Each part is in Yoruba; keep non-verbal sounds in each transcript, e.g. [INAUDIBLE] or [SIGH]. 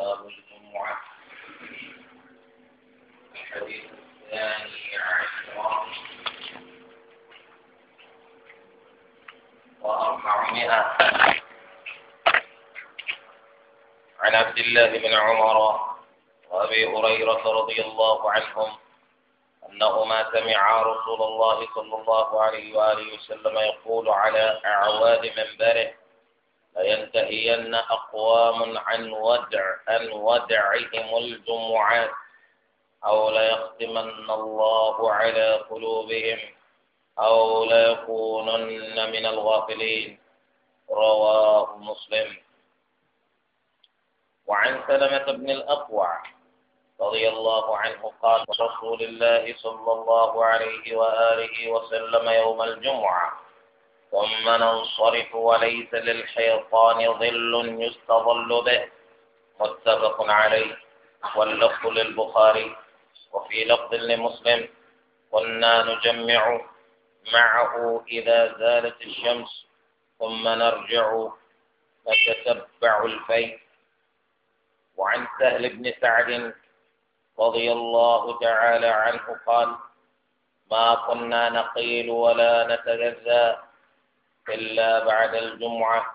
باب الجمعة الحديث الثاني عشر وأربعمائة عن عبد الله بن عمر وأبي هريرة رضي الله عنهم أنهما سمعا رسول الله صلى الله عليه وآله وسلم يقول على أعواد منبره لينتهين أقوام عن ودع عن ودعهم الجمعات أو ليختمن الله على قلوبهم أو ليكونن من الغافلين رواه مسلم وعن سلمة بن الأقوع رضي الله عنه قال رسول الله صلى الله عليه وآله وسلم يوم الجمعة ثم ننصرف وليس للحيطان ظل يستظل به متفق عليه واللفظ للبخاري وفي لفظ لمسلم كنا نجمع معه إذا زالت الشمس ثم نرجع نتتبع الفيل وعن سهل بن سعد رضي الله تعالى عنه قال ما كنا نقيل ولا نتغذى إلا بعد الجمعة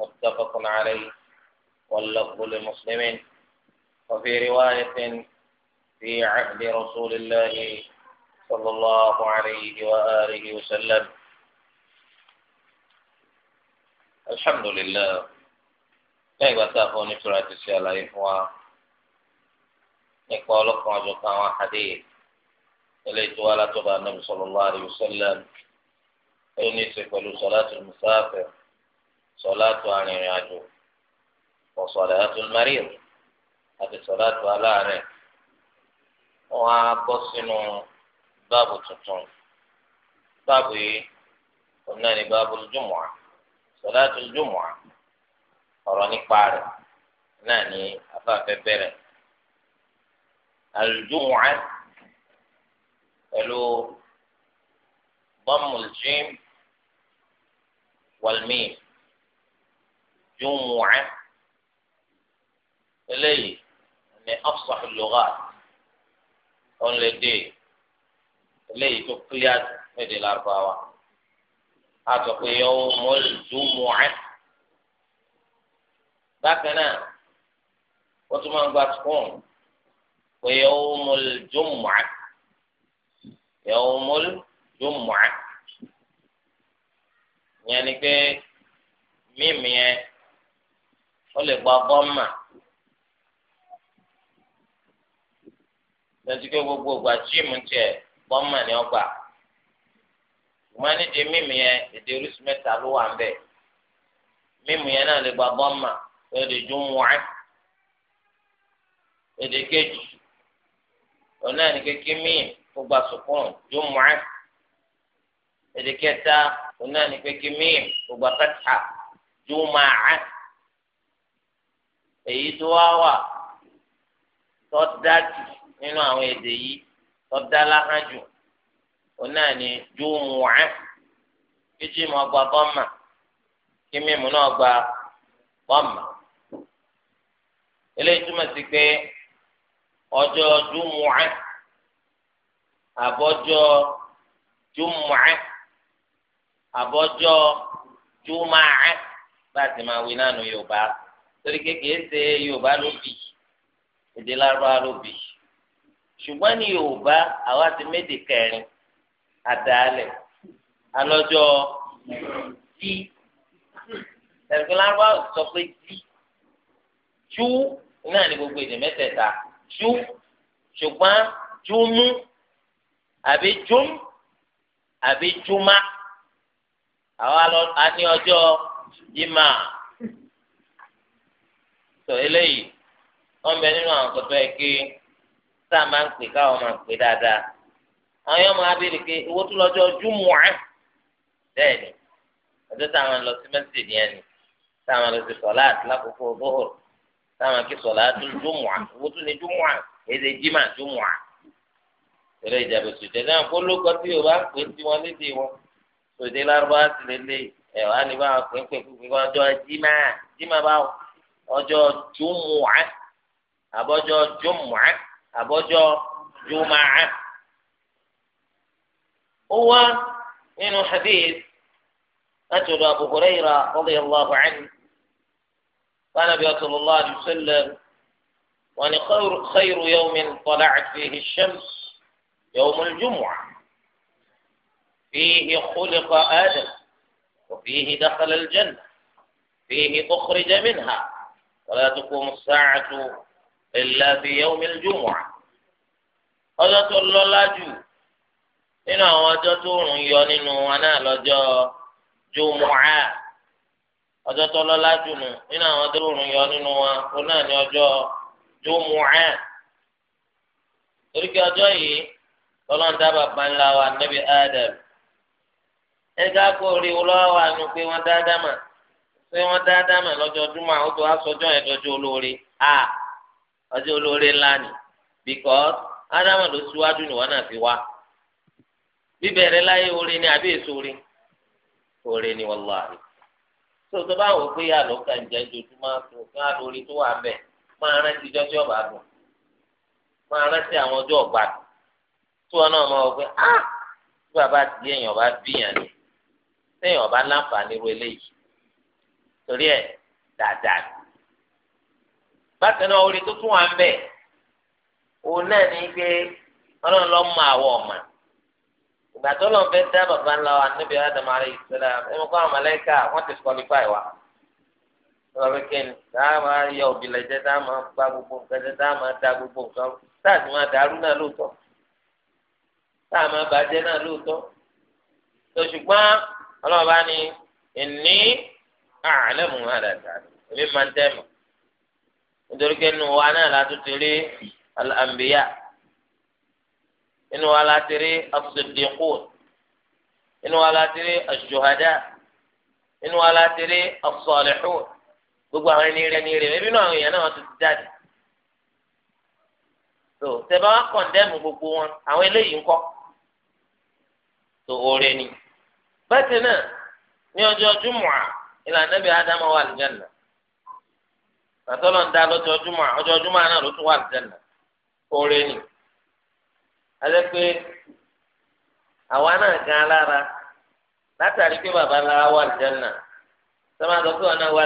متفق عليه واللفظ لمسلم وفي رواية في عهد رسول الله صلى الله عليه وآله وسلم الحمد لله لأي بتاخون سورة السيالة إخوة يقول لكم أجوكا حديث إليت ولا تبع النبي صلى الله عليه وسلم ó ní í ṣe pẹ̀lú sọ̀látù musafir sọ̀látù arìnrìn àjò ọ̀sọ̀látù marid àti sọ̀látù aláàárẹ̀ wọn á bọ́ sínú báàbù tuntun báàbù yìí òun náà ní báàbù jùmọ̀à sọ̀látù jùmọ̀à ọ̀rọ̀ nípa rẹ̀ náà ní afáfẹ́ bẹ̀rẹ̀ àlùjùmọ̀à pẹ̀lú bọ́mùlùjìm. والميم جمعة إليه من أفصح اللغات only day إليه تقليات مدي الأربعة هذا يوم الجمعة بكنا وتمان باتكون ويوم الجمعة يوم الجمعة ìyẹn ni pé mímì yẹn ó lè gba gọ́mà lọ́sí pé gbogbo ìgbà jíìmù tiẹ̀ gọ́mà ni ó gbà ìmọ̀ẹ́nìdè mímì yẹn èdè oríṣi mẹ́ta ló wà ń bẹ̀ mímì yẹn náà lè gba gọ́mà èdè jùmùwàá èdè kejì ọ̀nà ni kékeré míì ó gba sùkúrù náà ní pé kí míìm gbogbo àfẹ́tà jùmọ̀ọ́ èyí tó wá wà tó dájú nínú àwọn èdè yìí tó dá láhàjù òun náà ní jùmọ̀ọ́ bọ́mà kí míìmù náà gba bọ́mà eléyìí túmọ̀ sí pé ọjọ́ jùmọ̀ọ́ àbọ̀jọ́ jùmọ̀ọ́ àbọ̀jọ́ jùmáà láti máa wí náà nu yorùbá torí kékeré ṣe yorùbá ló bì èdè lárúbáwá ló bì ṣùgbọ́n ní yorùbá àwa ti méde kẹrin àdáálẹ̀ alọ́jọ́ jí ẹ̀sìn lárúbáwá sọ pé jí jú náà ní gbogbo èdè mẹ́tẹ̀ẹ̀ta jú ṣùgbọ́n júmú àbí júm àbí júmá àwa lọ a ní ọjọ́ jimá tó eléyìí wọn bẹ nínú àwọn kọtọ yìí ké tá a máa ń pè káwọn máa ń pè dáadáa àwọn yóò máa béèrè pé owó tó lọ́jọ́ júmùá bẹ́ẹ̀ ni ọjọ́ táwọn lọ sí mẹ́sìlì yẹn ni táwọn lọ sí sọ̀lá àti lákòókò bóhùr táwọn kí sọ̀lá tó júmùá owó tó ní júmùá èdè jimá júmùá tẹ̀lé ìjàbẹ̀sọ̀ jẹ́ náà kó ló kọ́ tí yorùbá ń pè é tiwọn lédè wọn. tòde lárúbá sì lélẹ̀ ẹ̀ wá ní bá pínpín pínpín ọjọ́ jimá jimá bá ọjọ́ jùmùá àbọ̀jọ́ jùmùá àbọ̀jọ́ jùmáá. ó wá nínú hadith láti ọ̀dọ̀ Abu Hurayra radiyallahu anhu wa nabi sallallahu alaihi wasallam wa ni khayru yawmin tala'at fihi ash-shams yawm al-jumu'ah. فيه خلق آدم وفيه دخل الجنة فيه أخرج منها ولا تقوم الساعة إلا في يوم الجمعة هذا تقول الله إن وجدتم يونين وانا لجا جمعة هذا تقول الله إن وجدتم يونين وانا لجا جمعة إذا جاء طلعن دابا بان لا النبي آدم ẹgbẹ́ akóore olówó àánú pé wọ́n dáadáa mà pé wọ́n dáadáa mà lọ́jọ́dún mà ó tó aṣọjọ́ yẹn olóore a ọjọ́ olóore ńlá ni because ádámà ló síwájú nìwọ́n náà fi wá bíbẹ̀rẹ̀ láyé oore ni àbí èso oore oore ni wàláhì tó tó bá wò pé àlọ́ kan jẹ́ tó tó wà bẹ́ẹ̀ máa rántí ijọ́ tí téèyàn ọba láǹfààní irú eléyìí torí ẹ̀ dáadáa bákan náà orí tó tún wà ń bẹ òun náà ní pé ọlọ́run mọ àwọ̀ ọ̀mà ìgbà tó lọ́n fẹ́ dá bàbá ńlá wa níbi Ádámù alayhi salam ẹ̀mí kọ́ àwọn màláíkà wọ́n ti wa lọ́wọ́ kẹ́ni táà máa yọ òbílẹ̀ jẹ́ táà gba gbogbo nǹkan jẹ́ da gbogbo nǹkan máa dàrú náà lóòótọ́ bàjẹ́ náà ọlọ́run bá ní ẹni àlẹ́mú àdàdà èmi máa ń tẹ́mọ̀ nítorí pé nínú wa náà látún ti rí àmbíyá nínú wa láti rí asòdìkú nínú wa láti rí asòhádà nínú wa láti rí asòlìkú gbogbo àwọn ẹni rẹ ní rẹ ẹbí náà àwọn èèyàn náà ti jáde tó tẹ bá wà kọ̀ndẹ́mù gbogbo wọn àwọn eléyìí ń kọ́ tó oore ni. So, bákan náà ní ọjọ́ júmọ̀à ìlànà bí ádámà wà lìjánà ń dá lọ́jọ́ ọjọ́ júmọ̀à náà ló tún wà lìjánà oore ni alẹ́ pé àwa náà gan alára látàrí pé bàbá ńlá wà lìjánà sọ́mà sọ pé wọn náà wà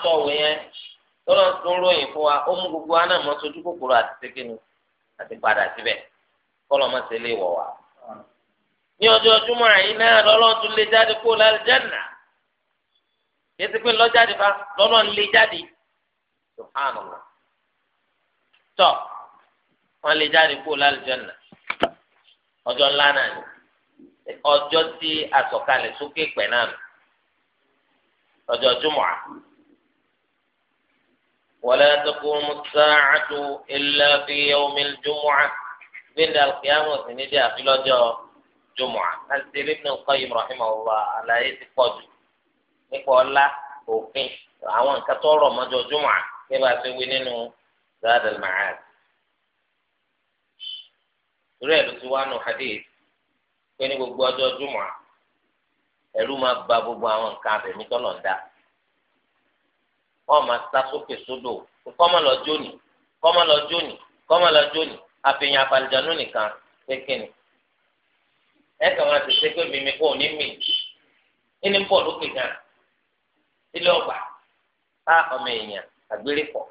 rí tọ́lọ́ ń tún ròyìn fún wa ó mú gbogbo wa náà mọ́ sojú kòkòrò àti sekinu àti padà síbẹ̀ kọ́lọ́ mọ́ sí ilé ìwọ̀ wa. ní ọjọ́ júmọ́ àyín náà lọ́lọ́ tún lè jáde kó lálẹ́jẹ́nà yẹtí pé lọ́jáde fa lọ́lọ́ ń lè jáde subhanallah tọ́ wọ́n lè jáde kó lálẹ́jẹ́nà ọjọ́ ńlá náà ni ọjọ́ tí àsọ̀kalẹ̀ sókè pẹ̀ náà ọjọ́ júmọ́ àyín. ولا تقوم الساعة إلا في يوم الجمعة بين القيامة نجا في لجا جمعة السير ابن القيم رحمه الله على يد قدر نقول لا òfin àwọn nǹkan tó rọ̀ mọ́jọ jùmọ̀ kí bá a ṣe wí nínú Zadal Ma'ad. Ìrú ẹ̀ ló ti wá nù hadith pé ní gbogbo ọjọ́ jùmọ̀ ẹ̀rú máa gba gbogbo àwọn nǹkan abẹ̀mí tọ́lọ̀ ń dá wọn máa sá sókè sódò kọ́mọ lọ jóni kọ́mọ lọ jóni kọ́mọ lọ jóni àfihàn àbàlìjànú nìkan kékeré ẹ kàn máa tètè pé mímí kò ní mì ní ń bọ̀ lókè gan ilé ọgbà á ọmọ èèyàn àgbélé pọ̀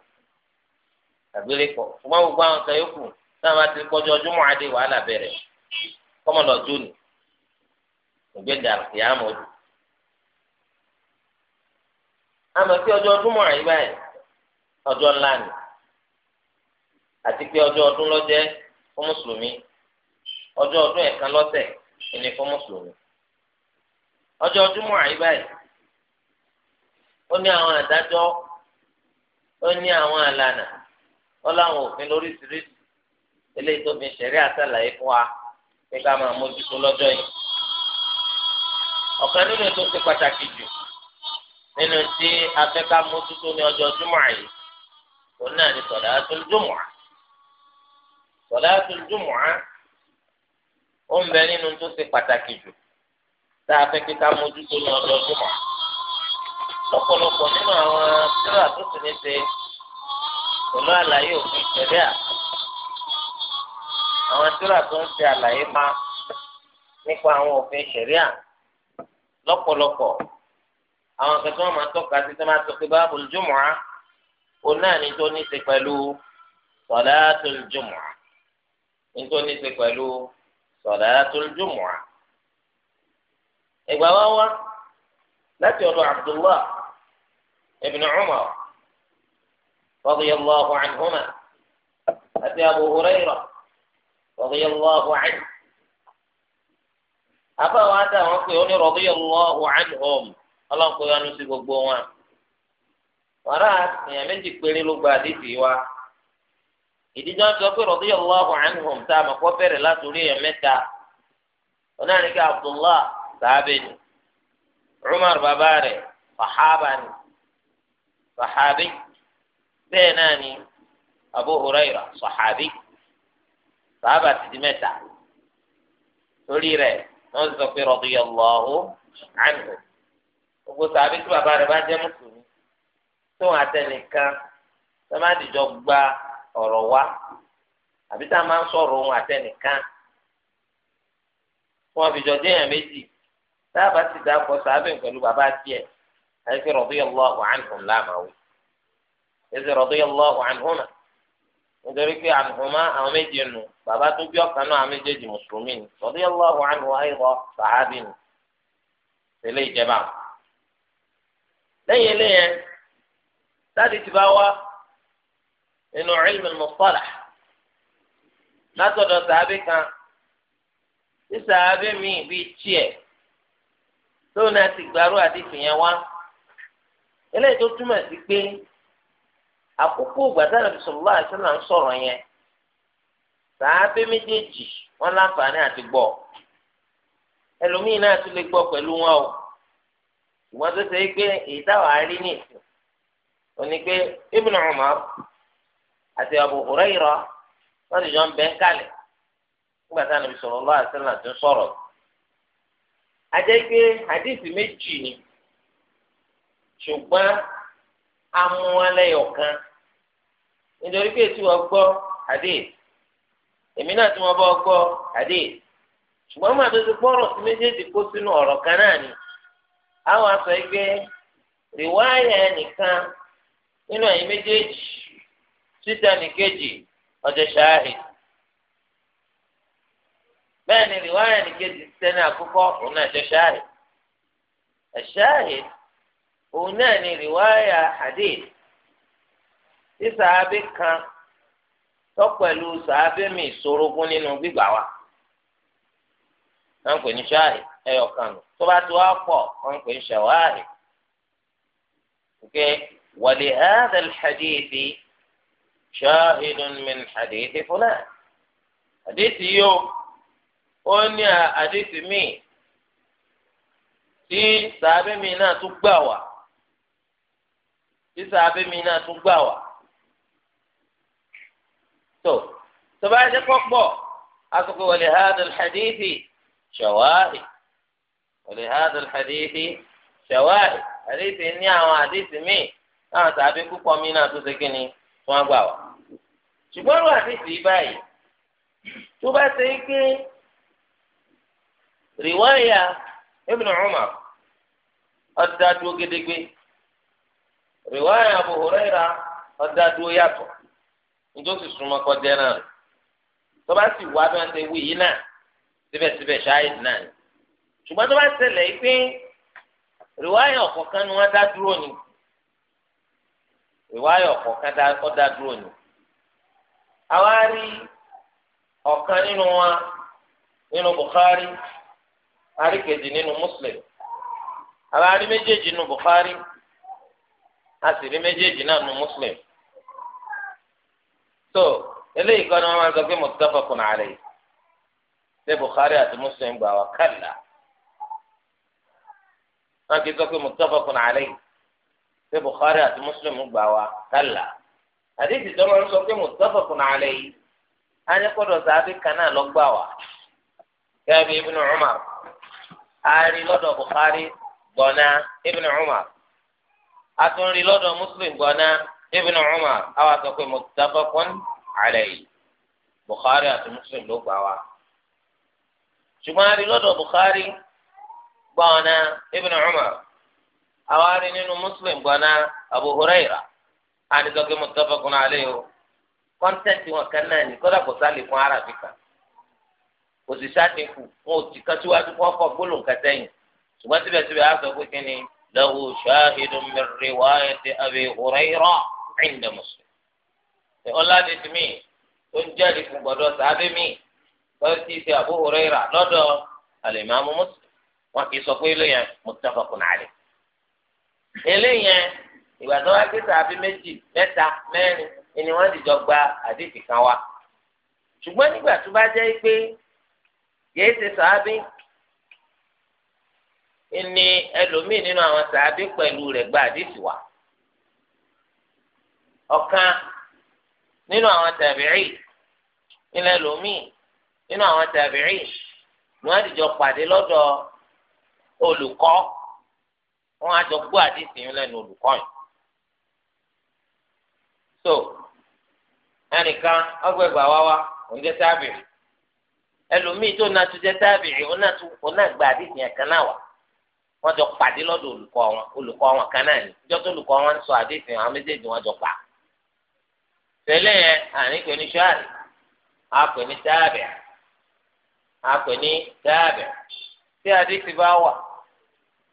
àgbélé pọ̀ ṣùgbọ́n gbogbo àwọn kan yókù náà máa ti kọjú ọdún mọ́ adé wàhálà bẹ̀rẹ̀ kọ́mọ lọ jóni ògbé ìyá mọ́ ọdún. àmọ́ pé ọjọ ọdún mọ àyíká yẹn ọjọ́ ńlá ni àti pé ọjọ́ ọdún lọ jẹ fún mùsùlùmí ọjọ́ ọdún ẹ̀kan lọ́sẹ̀ fún mùsùlùmí ọdún mọ àyíká yẹn ó ní àwọn àdájọ́ ó ní àwọn àlànà ó láwọn òfin lóríṣiríṣi eléyìí tó fi ṣẹ̀rí àtàlàyé nínú tí afẹ́ká mójútó ní ọjọ́ júmọ̀ yìí òun náà ni sọ̀dáàtún júmọ̀ sọ̀dáàtún júmọ̀ ó ń bẹ nínú tó ṣe pàtàkì jù tá a fẹ́ kíká mójútó ní ọjọ́ júmọ̀ lọ́pọ̀lọpọ̀ nínú àwọn tíra tó sì ní ṣe pẹ̀lú àlàyé òfin ìṣẹ̀lẹ̀ à àwọn tíra tó ń ṣe àlàyé pa nípa àwọn òfin ìṣẹ̀lẹ̀ à lọ́pọ̀lọpọ̀ àwọn kan tí wọn máa tọ́ka sí tí wọn máa sọ pé babul jumu'ah ó náà ní tó ní ṣe pẹ̀lú salatul jumu'ah ní tó ní ṣe pẹ̀lú salatul jumu'ah. ìgbà wá wá láti ọ̀dọ̀ Abdullah ibn Umar radiyallahu anhuma àti Abu Hurairah radiyallahu anhu. afáwọn adá pé ó ní radiyallahu anhum. ọlọ́run yọnu sí gbogbo wọn. wàrà èèyàn méjì péré ló gba àdéhìí wa ìdíjọ́ ń sọ pé radiyallahu anhum tá a mọ̀ kọ́ bẹ̀rẹ̀ látòrí èèyàn mẹ́ta Abdullah sàábẹ́ni Umar bàbá rẹ̀ bẹ́ẹ̀ ni Abu Hurairah sàhábì sàhábà ti di mẹ́ta torí rẹ̀ wọ́n sọ pé gbogbo sàbí tí bàbá rẹ̀ bá jẹ́ mùsùlùmí tóun àtẹnìkan tó máa dìjọ gba ọrọ wá àbí tá a máa ń ohun àtẹnìkan fún àbíjọ déèyàn méjì tá a bá ti dà pọ̀ sàbí pẹ̀lú bàbá tiẹ̀ àyẹ̀fẹ́ ọhụrụ anhum láàmáwò ẹ̀sẹ̀ nítorí pé àwọn nù bàbá tó bí náà àwọn méjèèjì mùsùlùmí ni sàábì lẹ́yìn eléyẹn sáàdì ti bá wá nínú ilmu al-mustalah látọ̀dọ̀ sàábì kan tí sàábì míì bíi tiẹ̀ tóun náà ti gbàrú àdìsí yẹn wá eléyìí tó túmọ̀ sí pé àkókò gbàdánù bisalòlá ń sọ̀rọ̀ yẹn méjèèjì wọn láǹfààní àti gbọ́ náà tún lè gbọ́ pẹ̀lú wọn o ṣùgbọ́n tó ṣe é pé èyí táwọn arí ní ìsìn òní pé Ibn Umar àti Abu Hurairah wọ́n ti jọ ń bẹ́ ń kalẹ̀ nígbà táwọn tó ń sọ̀rọ̀ ajẹ́ pé hadith méjì ni ṣùgbọ́n amúalẹ́yọ̀kan nítorí pé tí wọ́n gbọ́ hadith èmi náà tí wọ́n bọ́ gbọ́ hadith ṣùgbọ́n màá tó ti sí méjèèjì kó sínú àwọn sọ pé rìwáyà nìkan nínú ẹ̀yìn méjèèjì sitere nìkejì ọjọ́ ṣááhì bẹ́ẹ̀ ni rìwáyà nìkejì n'akụkọ àkọ́kọ́ òun náà jọ ṣááhì òun náà ni rìwáyà hadith tí sàábì kan tọ́ pẹ̀lú sàábì mi ìṣòro fún nínú gbígbà wa. à ń pè ní ṣáàhì ẹyọ kan nù tó bá tó wá pọ̀ à ń pè ní ṣàwáàhì. ولهذا الحديث شاهد من حديث فلان حديث يو أني حديث مي tí sàábẹ́ mi náà tún gbà wá tí sàábẹ́ mi náà tún gbà wá tó tó bá jẹ́ pọ̀ pọ̀ asopọ̀ wọlé hadal شواهد ولهذا الحديث شواهد حديث إني أو حديث مي أنا تعبي كوكو مينا تسكني wọ́n gbà wá ṣùgbọ́n ló àdìsí báyìí tó bá ṣe ké rìwáyà Ibn Umar náà síbẹ̀síbẹ̀ ṣááyid náà ni ṣùgbọ́n tó bá ṣẹlẹ̀ yìí pé rìwáyà ọ̀kọ̀ọ̀kan ni wọ́n dá dúró ni rìwáyà ọ̀kọ̀ọ̀kan ó dá dúró ni àwa rí ọ̀kan nínú wa nínú Bukhari àríkèjì nínú Muslim àwa rí méjèèjì nínú Bukhari a sì rí méjèèjì náà nínú Muslim tó eléyìí kan ni wọ́n máa ń sọ pé muttafaqun alayhi ṣé Bukhari àti Muslim gbà wá kàlà wọn kì í sọ pé muttafaqun alayhi ṣé Bukhari àti Muslim gbà wá kàlà àdéhìí tó máa ń sọ pé muttafaqun alayhi anyakọ̀dọ̀ sàbí kan náà lọ gbà wá kẹ́mi Ibn Umar ari lọ́dọ̀ Bukhari gbọ̀nà Ibn Umar atunri lọ́dọ̀ Muslim gbọ̀nà Ibn Umar àwọn àtọkùn muttafaqun alayhi Bukhari àti Muslim ló gbà wá ṣùgbọ́n a rí lọ́dọ̀ Bukhari gbọ́nà Ibn Umar àwọn arí nínú Muslim gbọ́nà Abu Huraira àdìsọ́kè muttafaqun alayhi o kọ́ńtẹ́ǹtì wọn kan náà ní kọ́dà kò sálè fún arábì kan kò sì sádìkù wọn ò tì kan síwájú fún ọkọ̀ gbólóhùn kẹtẹ́yìn ṣùgbọ́n síbẹ̀síbẹ̀ á sọ pé kí ni lahu shahidun min riwayati Abi Huraira inda Muslim. ọ̀làdìdì ń jẹ́rìí fún gbọ́dọ̀ wọ́n ti fi Abu Hurairah lọ́dọ̀ alimami Muslim wọn kì í sọ pé eléyẹn muttafaqun alayh eléyẹn ìgbà tó wá kí sàbí méjì mẹ́ta mẹ́rin ni wọ́n ti jọ gba àdéhìí kan wá ṣùgbọ́n nígbà tó bá jẹ́ pé yéé ṣe sàbí ni ẹlòmíì nínú àwọn sàbí pẹ̀lú rẹ̀ gba àdéhìí wá ọ̀kan nínú àwọn tàbíì nílẹ̀ lòmíì nínú àwọn tàbíìn ni wọ́n ti jọ pàdé lọdọ olùkọ́ wọ́n jọ gbọ́ àdìsí yín yìí. so ẹnìkan ọgbẹgbà wá wá òun jẹ tàbíìn ẹlòmíì tó tún jẹ tàbíìn òun gba àdìsí yẹn kan náà wá wọ́n jọ pàdé lọdọ olùkọ́ wọn olùkọ́ wọn kan olùkọ́ wọn sọ àdìsí àwọn méjèèjì jọ pa yẹn àrí a pè ní táàbì tí àdìsí bá wà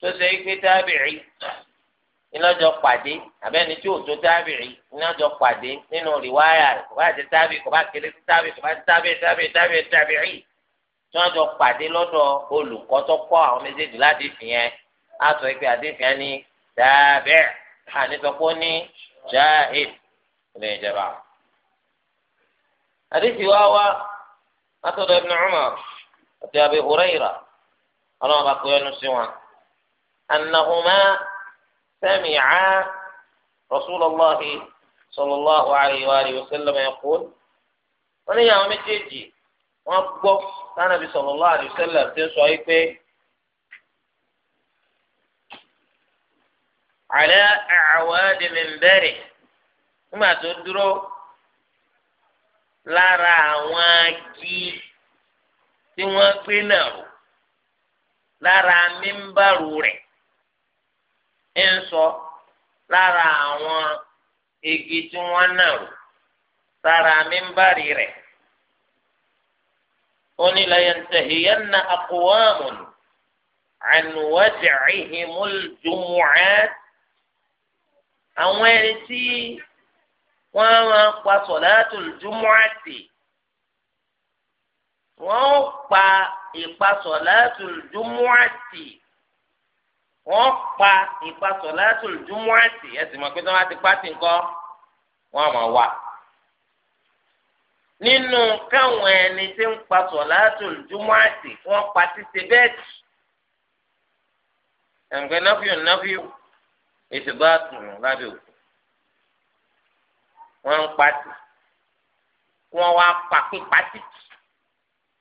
tó ṣe é pé táàbì rí inájọ pàdé àbẹ́ni tí ò tó táàbì rí inájọ pàdé nínú rìwáyà rẹ̀ kò bá ti táàbì kò bá kéré sí táàbì kò bá ti táàbì táàbì táàbì táàbì rí tí wọ́n jọ pàdé lọ́dọ̀ olùkọ́ tó kọ́ àwọn méjèèjì láti fi a sọ pé àdìsí yẹn ní táàbì àníṣọpọ̀ ní jáàhìd ilé ìjọba. àdìsí àti Abi Hurayra ọlọ́run bá kó ẹnu sí wọn. annahuma sami'a Rasulullah sallallahu alayhi wa alihi wa sallam yaqul. wọ́n ní àwọn méjèèjì wọ́n gbọ́ sanabi sallallahu alayhi wa sallam ti sọ yìí pé. على أعواد منبره nígbà tó dúró lára àwọn agi tí wọ́n gbé lara rò lára mímbàrú lara ń igi lára àwọn igi tí wọ́n náà rò lára mímbàrí rẹ̀ ó ní layantahiyanna aqwamun an wad'ihimul jumu'at àwọn ẹni tí wọ́n máa pa sọ̀láàtù wọ́n pa ìpasọ̀ látùl jumu'ati wọ́n pa ìpasọ̀ látùl jumu'ati ẹ sì mọ̀ pé tí wọ́n bá ti pàtì nǹkan wọ́n mọ̀ wá. nínú káwọn ẹni tí ń pasọ̀ látùl jumu'ati wọ́n pa títí bẹ́ẹ̀tì ẹ̀ǹkẹ́ nọ́fíù nọ́fíù ìṣègbà tùn lábẹ́ òkú wọ́n ń pàtì wọ́n wá pa pípa títì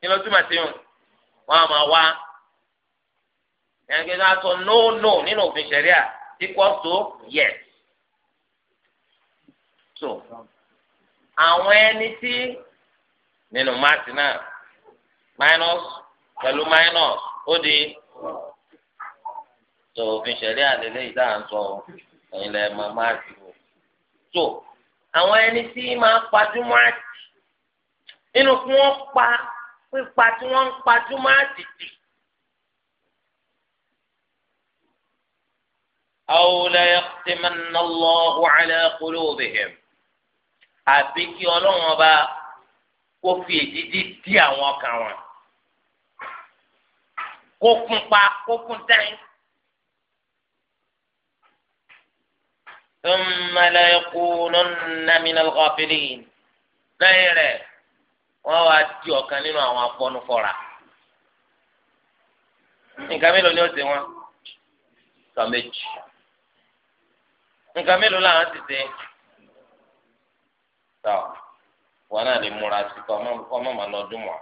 kí ló túmọ̀ sí wọn wọn a máa wá ẹnìkan sọ no no nínú òfin ṣẹ̀ríà equals to yes so àwọn ẹni tí nínú máàtì náà minus pẹ̀lú minus ó di so òfin ṣẹ̀ríà lélẹ́yìí tá à ń sọ ẹ̀yin lẹ́ẹ̀ máàtì o so àwọn ẹni tí máa pa jùmọ̀ àti nínú kí wọ́n pa pípa tí wọ́n ń pajú máa tètè. aw la yaqtimanna Allahu ala qulubihim àbí kí ọlọ́run ọba kó fi èdìdí dí àwọn ọkàn wọn kó kún pa kó kún dáin. thumma la yakunanna minal ghafilin wọ́n wá di ọ̀kan nínú àwọn afọ́nufọ́ra nǹkan mélòó ni ó ṣe wọn sọ méjì nǹkan mélòó làwọn ti ṣe tọ wọn náà lè múra sí kọ ọmọ màá lọ dùn mọ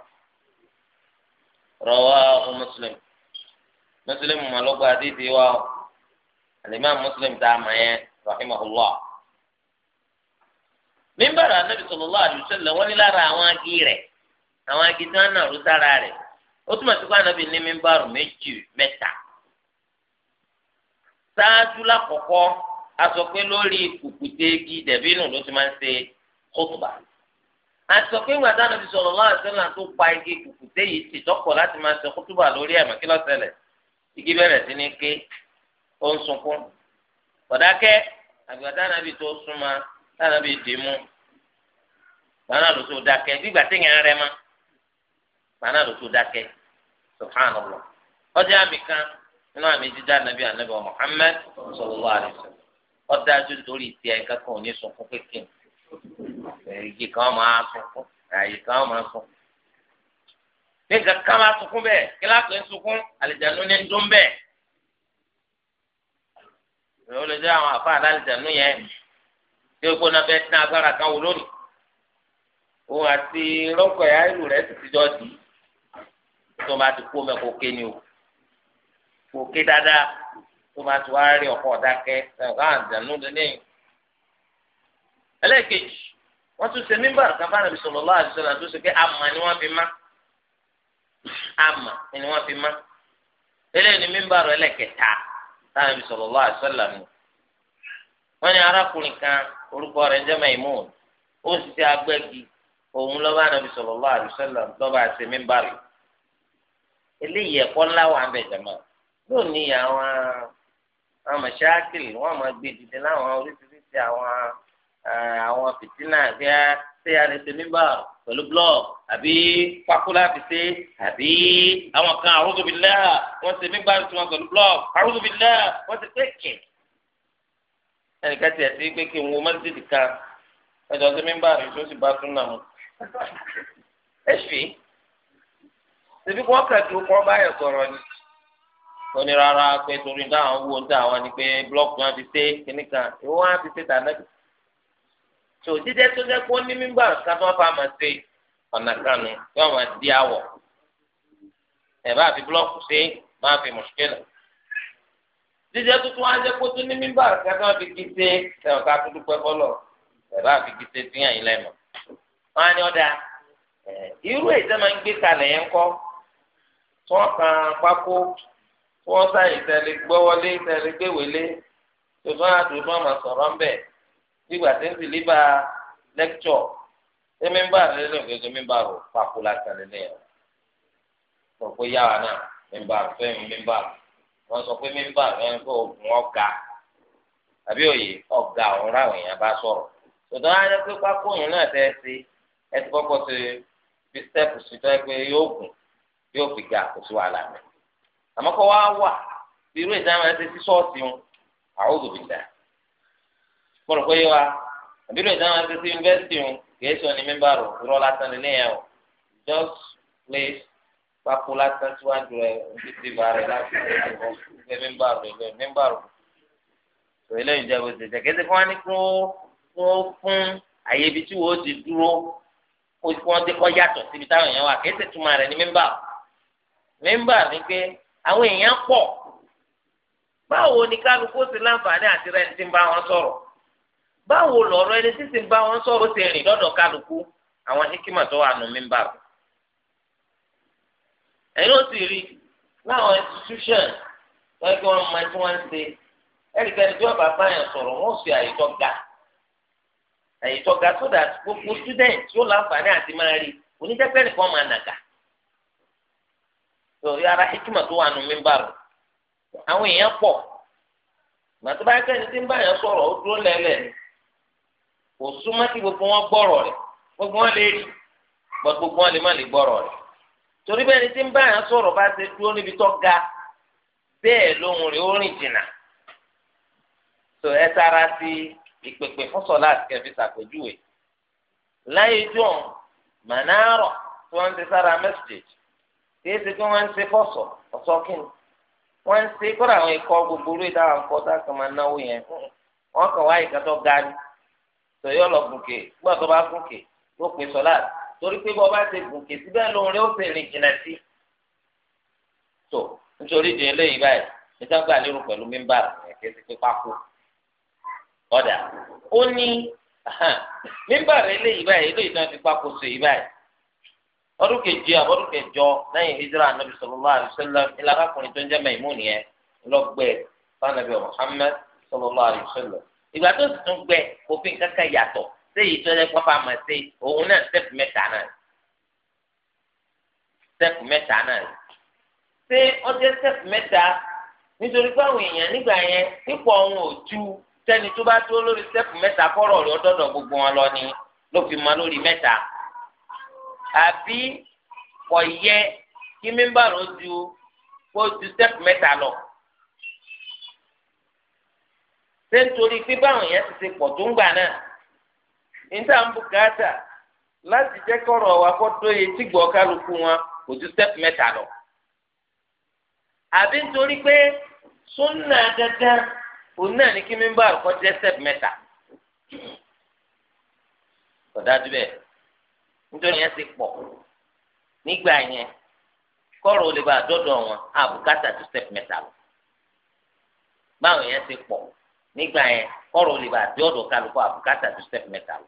rọwọ ọhún mùsùlùmí mùsùlùmí màá lọ wa ọ mùsùlùmí tá a mọ yẹn rahimahullah mímbàrà anabi sallallahu alaihi wasallam wọn ní lára àwọn agi rẹ̀ àwọn agi tí wọn náà rú sára rẹ̀ ó túmọ̀ sí pé anabi ní mímbàrù méjì mẹ́ta ṣáájú lákọ̀ọ́kọ́ a sọ pé lórí kùkùté igi dẹ̀bínú ló ti máa ń ṣe kótóbà a sọ pé ìgbà táwọn ti sallallahu alaihi wasallam tó pa igi kùkùté yìí ti tọ́kọ̀ láti máa ṣe kótóbà lórí ẹ̀mọ́ kí ló ṣẹlẹ̀ igi bẹ̀rẹ̀ sí ní ké ó ń sunkún kọ̀dákẹ́ àgbàdo anabi tó súnmọ́ lánàá bíi dìímú gbaná dake tó dákẹ́ gbígbà téèyàn rẹ ma gbaná ló tó dákẹ́ subhanallah ọjà àmì kan nínú àmì dídá nàbí ànábì Muhammad sallallahu alaihi wasallam ọdájú lórí ìtì ẹ̀ka kan ò ní sunkún kékeré èyí kan máa sunkún àyè kan ka sunkún ma kankan máa sunkún bẹ́ẹ̀ kíláàsì ń sunkún àlìjánu ní ń dún alijanu ṣé o gbóná fẹ́ tán agbára kan wò lónìí òun àti rọ́kọ̀ rẹ̀ ti ti jọ dì tó ti kó mẹ́kọ̀ọ́ ké ni o kò ké dáadáa tó máa ti wá rí ọkọ̀ dákẹ́ ẹ̀ka àdánù lẹ́yìn. ẹlẹ́ẹ̀kejì wọ́n tún ṣe mímbà nàbí tó ṣe pé àmà ni wọ́n fi má àmà ni wọ́n fi má eléyìí mímbà rẹ̀ ní arákùnrin kan. orúkọ rẹ̀ ń jẹ́ Maimun ó ń ṣiṣẹ́ agbẹ́gi òun lọ́ba ànábi sallallahu alaihi wasallam lọ́ba àti mímbàrì eléyìí ẹ̀kọ́ ńlá wà ń bẹ̀ jẹ̀mọ́ lónìí àwọn àwọn mọ̀ṣáàkìlì wọ́n máa gbé dìde láwọn oríṣiríṣi àwọn eh, àwọn fìtínà bí a ṣe àlejò mímbà pẹ̀lú blọọ̀kì àbí pákúlá fi ṣe àbí àwọn kan a'udhu billah wọ́n ṣe mímbà tiwọn pẹ̀lú blọọ̀kì a'udhu billah wọ́n ṣe pé kìí ẹnìkan tiẹ̀ sí pé kí n wo mọ́sídìí kan ẹ̀dọ̀ sí mímbà rẹ̀ tó sì bá súnà mu ẹ ṣe ṣèbí kí wọ́n kàdúró kí wọ́n bá yẹ sọ̀rọ̀ ni kò ní rárá pé torí táwọn wo ń táwọn ni pé blọọkì náà ti ṣe kíní kan ìwọ wọn ti ṣe dáná tó jíjẹ tó jẹ kó ní mímbà kátó fà máa ṣe ọ̀nà kanu yóò máa di àwọ̀ ẹ̀ bá fi blọọkì ṣe máa fi mùsùlùmí jíjẹ tuntun wá jẹ kó tún ní mímbà kẹta fi kí ṣe ẹwọn ká tó dúpẹ́ fọlọ ẹbá fi kí ṣe fi hàn yín lẹ́nu wọn á ní ọdà irú èyíṣẹ máa ń gbé kalẹ̀ yẹn kọ tí wọn kan pákó tí wọn sáyìn tẹlẹ gbọ́wọ́lé tẹlẹ gbéwèlé tuntun àdúgbò ọmọ sọ̀rọ̀ ńbẹ nígbà tí ń sì líbà lẹkítọ ṣé mímbà rẹ lè gbẹgbẹ mímbà rò pákó lásán lélẹyìn rò pé yára náà mímbà rò fẹmi mímbà rò wọ́n sọ pé mímbà yẹn kó oògùn ọ̀gá àbí òye ọ̀gá òun ráwọn èèyàn bá sọ̀rọ̀ tòtò wọn á yẹ pé pákó yẹn náà tẹ́ ẹ sí ẹ ti kọ́kọ́ ṣe fi stẹ́pù sí tọ́ ẹ pé yóò gùn yóò fi ga kò sí wàhálà mi àmọ́ kọ́ wá wà bí irú ìdáhùn ẹ ti sí ṣọ́ọ̀ṣì wọn àwòrán òbíjà mo rò pé yé wa àbí irú ìdáhùn ẹ ti sí yunifásitì wọn kì í ṣe ní mímbà rò irọ́ lásán nílé yẹn o just place pákó lásán síwájú rẹ títí ba rẹ láti ṣe mímbà rẹ lẹ mímbà rẹ tó eléyìí jẹ gbèsè jẹ kéde fún wa ní kó kó fún àyè ibi tí wọ́n ti dúró kó wọ́n ti kọ́ yàtọ̀ síbi táwọn èèyàn wà kéde túmọ̀ rẹ ní mímbà mímbà ni pé àwọn èèyàn pọ̀ báwo ni kálukú ti láǹfààní àti rẹ ti ń bá wọn sọ̀rọ̀ báwo lọ̀rọ̀ ẹni tí ti ń bá wọn sọ̀rọ̀ ti rìn lọ́dọ̀ kálukú àwọn hikima tó wà nù mímbà rẹ. ẹ̀yin ó sì rí láwọn institution wọ́n kí wọ́n máa tí wọ́n ń ṣe tí wọ́n bá báyàn sọ̀rọ̀ wọ́n sì àyètọ́ ga ga so that gbogbo student yóò láǹfààní àti máa rí onídẹ́gbẹ́ nìkan máa nàgà tó yàrá hikima tó wà nù mímbàrò àwọn èèyàn pọ̀ màtí báyìí kẹ́ni tí ń báyàn sọ̀rọ̀ ó dúró lẹ́lẹ̀ ni kò súnmọ́ kí gbogbo wọn gbọ́rọ̀ gbogbo wọn lè gbogbo wọn lè má lè torí bẹ́ẹ̀ ni tí ń bá yàn sọ̀rọ̀ bá ṣe dúró níbi tó ga bẹ́ẹ̀ lóhùn rẹ̀ ó rìn jìnnà tó ẹ tara sí ìpèpè fún sọlá kẹfì ṣàpèjúwe láyé john manaro tí wọ́n ń ṣe sára mẹ́sàgèjì kìí ṣe pé wọ́n ń ṣe fọ́sọ̀ ọ̀sọ́ kìnnì wọ́n ń ṣe kọ́ra àwọn ikọ̀ gbogbo orí ìdáhà ńkọ́ tá a kàn máa náwó yẹn wọ́n kàn wá ìkàtọ́ ga ni tòyọ́ lọ gùnkè gbọ́dọ̀ bá gùnkè ló pè sọlá torí pé bọ́ bá ṣe gòkè síbẹ̀ lóhùn rẹ̀ ó sì rìn jìnnà sí. tó nítorí ìdí eléyìí báyìí níta gbà lérò pẹ̀lú mímbà ẹ̀kẹ́ sí pé pákó ọ̀dà ó ní mímbà rẹ̀ eléyìí báyìí eléyìí náà ti pákó so yìí báyìí ọdún kejì àbọ̀dún kẹjọ lẹ́yìn hijra anabi sallallahu alaihi wasallam ìlàkàkùnrin tó ń jẹ́ Maimun yẹn lọ́gbẹ́ fanabi Muhammad sallallahu alaihi wasallam ìgbà tó sì tún gbẹ òfin kankan séyìí tó yẹ kópa mà se òun náà step mẹ́ta náà step mẹ́ta náà ṣé ọjọ́ step mẹ́ta nítorí pé àwọn èèyàn nígbà yẹn nípò ọ̀hún ò ju sẹ́ni tó bá dúró lórí step mẹ́ta kọ́rọ̀ rẹ̀ ọdọ́dọ̀ gbogbo wọn lọ ni ló fi mọ lórí mẹ́ta àbí kò yẹ kí mímbàrò ju kó ju step mẹ́ta lọ ṣé nítorí pé báwọn èèyàn ti ṣe pọ̀ tó ń gbà náà. níta ń bùkátà láti jẹ́ kọ́rọ̀ wa kó dóye tí gbọ́ kálukú wọn kò ju step mẹ́ta lọ. àbí nítorí pé súnà dandan òun náà ní kí mímbà kọ́ jẹ́ step mẹ́ta. kọ̀dájú bẹ́ẹ̀ nítorí yẹn ti pọ̀ nígbà yẹn kọ́rọ̀ olè wọn àbùkátà ju step lọ. báwọn yẹn ti pọ̀ nígbà yẹn kọ́rọ̀ lè bá àti ọ̀dọ̀ kálukú àbùkátà ju step mẹ́ta lọ.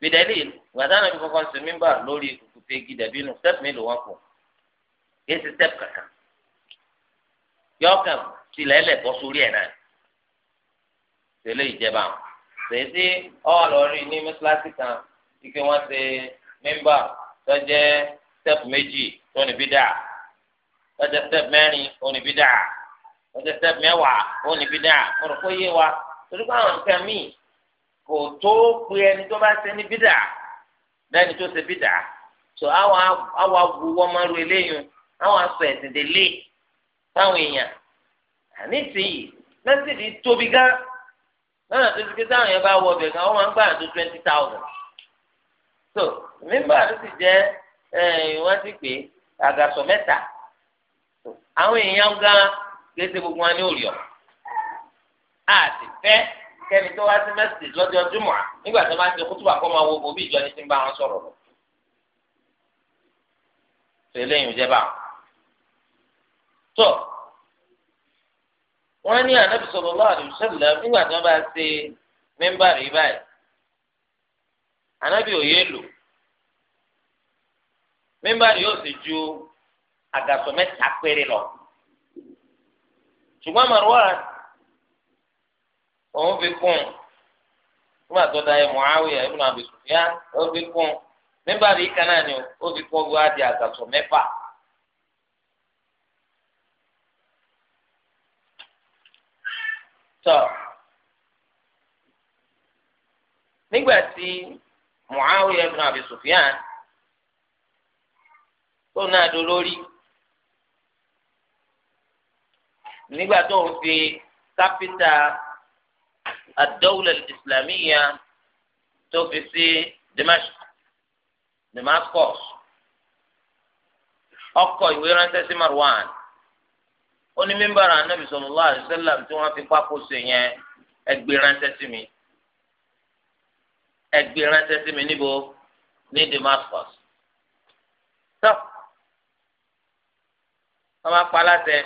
bìdẹ́lì gbàdá náà fi kọ́kọ́ sí mímbà lórí kùkùté gidẹ̀bí nù step mélòó wọn kù kí sí step kankan. yọ̀ọ̀kan tilẹ̀ ẹlẹ̀ bọ́ sórí ẹ̀ náà tẹ̀lé ìjẹba wọn. sèyí tí ọ̀ọ́lọ́rí ní mẹ́sàlásì kan ike wọ́n ṣe mímbà tó jẹ́ step méjì tó níbí dà tó jẹ́ step mẹ́rin tó níbí dà ọ̀sẹ̀sẹ̀ mẹ́wàá òun níbi dáa ọ̀rọ̀ kó yé wa torí pé àwọn nǹkan míì kò tó pe ẹni tó bá ṣe ní bídà lẹ́ni tó ṣe bídà tó àwọn àwọn awùwọ́ máa ro eléyìí àwọn aṣọ ẹ̀sìn délé fáwọn èèyàn àníṣeyìí mẹ́sìlì tóbi gán lọ́nà tó ti ké táwọn yẹn bá wọ ọbẹ̀ gan wọ́n máa ń gbà tó twenty thousand so mímbà tó sì jẹ́ wọ́n ti pè àgàsọ̀ mẹ́ta àwọn èèyàn gan kéésì gbogbo wọn ní òrìọ àti fẹ kẹni tó wá sí mẹsìlì lọ́jọ́ júmọ nígbà tó máa ń ṣe kútùbà kó máa wo bòbí ìjọ ní ti ń bá wọn sọ̀rọ̀ lọ tó eléyìí ń jẹ báwọn tó wọn ní ànábì sallallahu alaihi wasallam nígbà tó bá ṣe mẹmbà rí báyìí ànábì òye lò mẹmbà rí yóò sì ju àgàsọ mẹ́ta péré lọ ṣùgbọ́n Marwan òun fi kún nígbà tó da ẹ Muawiya ibn Abi Sufyan ó fi kún nígbà tí kan náà ni ó fi kún wá di àgàsọ mẹ́fà. tọ́ nígbà tí Muawiya ibn Abi tó náà dolórí. nígbà tó ń fi kápítà àdọ́wùlẹ̀ ìsìlámíyà tó fi sí Damascus Damascus ọkọ̀ ìwé ránṣẹ́ sí Marwan ó ní mímbàrà anábì sallallahu alaihi wasallam tí wọ́n fi pákó ṣe yẹn ẹgbẹ́ ránṣẹ́ sí mi ẹgbẹ́ ránṣẹ́ sí mi níbo ní Damascus tó wọ́n máa pa láṣẹ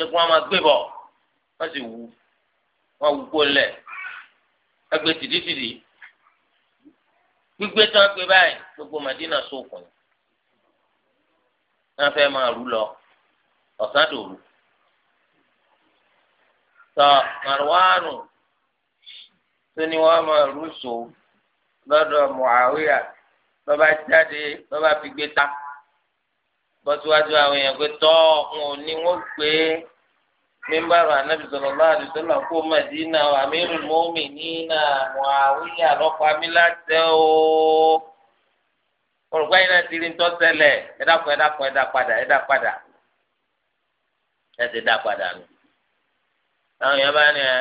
pé kí wọ́n máa gbé bọ̀ wọ́n sì wú wọ́n wú kó lẹ̀ ẹgbẹ́ tìdítìdì gbígbé tán pé báyìí gbogbo Madina sókun wọ́n fẹ́ máa rú lọ ọ̀sán dòru tọ Marwanu tó ní wọ́n máa rú so lọ́dọ̀ Muawiya lọ́ba jáde lọ́ba fi gbé ta bọ́síwájú àwọn èèyàn pé tọ́ wọn ò ní wọ́n gbé mímbàrún anábì sallallahu alaihi wasallam kó Mẹdínà Amirul Mu'minina Muawiya lọ́pàá mi láti ó olùkọ́ yìí náà ti rí ntọ́ ṣẹlẹ̀ ẹ dákun ẹ dákun ẹ dá padà ẹ dá padà ẹ ti dá padà nù. táwọn èèyàn bá ní ẹ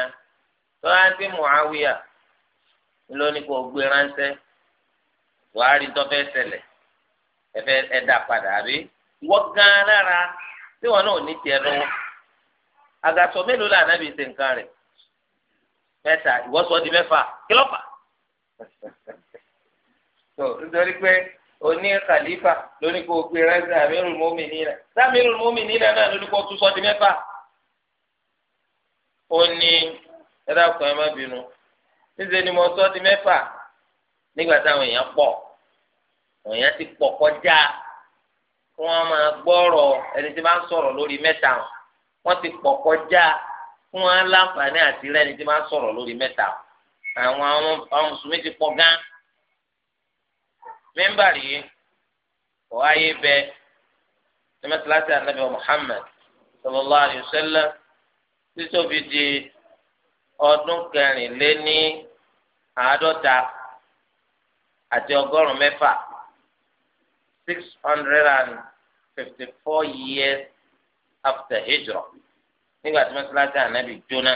tọ́lá ń tí Muawiya lónìí kò gbé ránṣẹ́ Buhari tó fẹ́ ṣẹlẹ̀ ẹ fẹ́ ẹ dá padà àbí wọ́n gan lára tí wọn náà ní tiẹ̀ lọ́wọ́ àgàsọ mélòó là nàbì ṣe nǹkan rẹ̀ mẹ́ta ìwọ sọ di mẹ́fà kílọpà tó nítorí pé oní kàlífà lóní kó o gbé rẹ́sì àmírù mọ́mì nílẹ̀ sàmírù mọ́mì nílẹ̀ náà lóní kó tún sọ di mẹ́fà ó ní ẹ dákun ẹ má bínú níṣẹ́ ni mo sọ di mẹ́fà nígbà táwọn èèyàn pọ̀ àwọn ti pọ̀ kọjá wọ́n máa gbọ́rọ̀ ẹni tí bá ń sọ̀rọ̀ lórí mẹ́ta wọ́n ti pọ̀ kọjá fún wọn láǹfààní àti rẹ́ni tí bá ń sọ̀rọ̀ lórí mẹ́ta àwọn àwọn mùsùlùmí ti pọ̀ gan. mẹ́mbà kò ayé bẹ ní mẹ́tíláṣí ànábì Muhammad sallallahu alayhi wa sallam títóbi di ọdún kẹrìnléní àádọ́ta àti ọgọ́rùn-ún six hundred and fifty four years after hijra nígbà tí mọ́sálásí ànábì jóná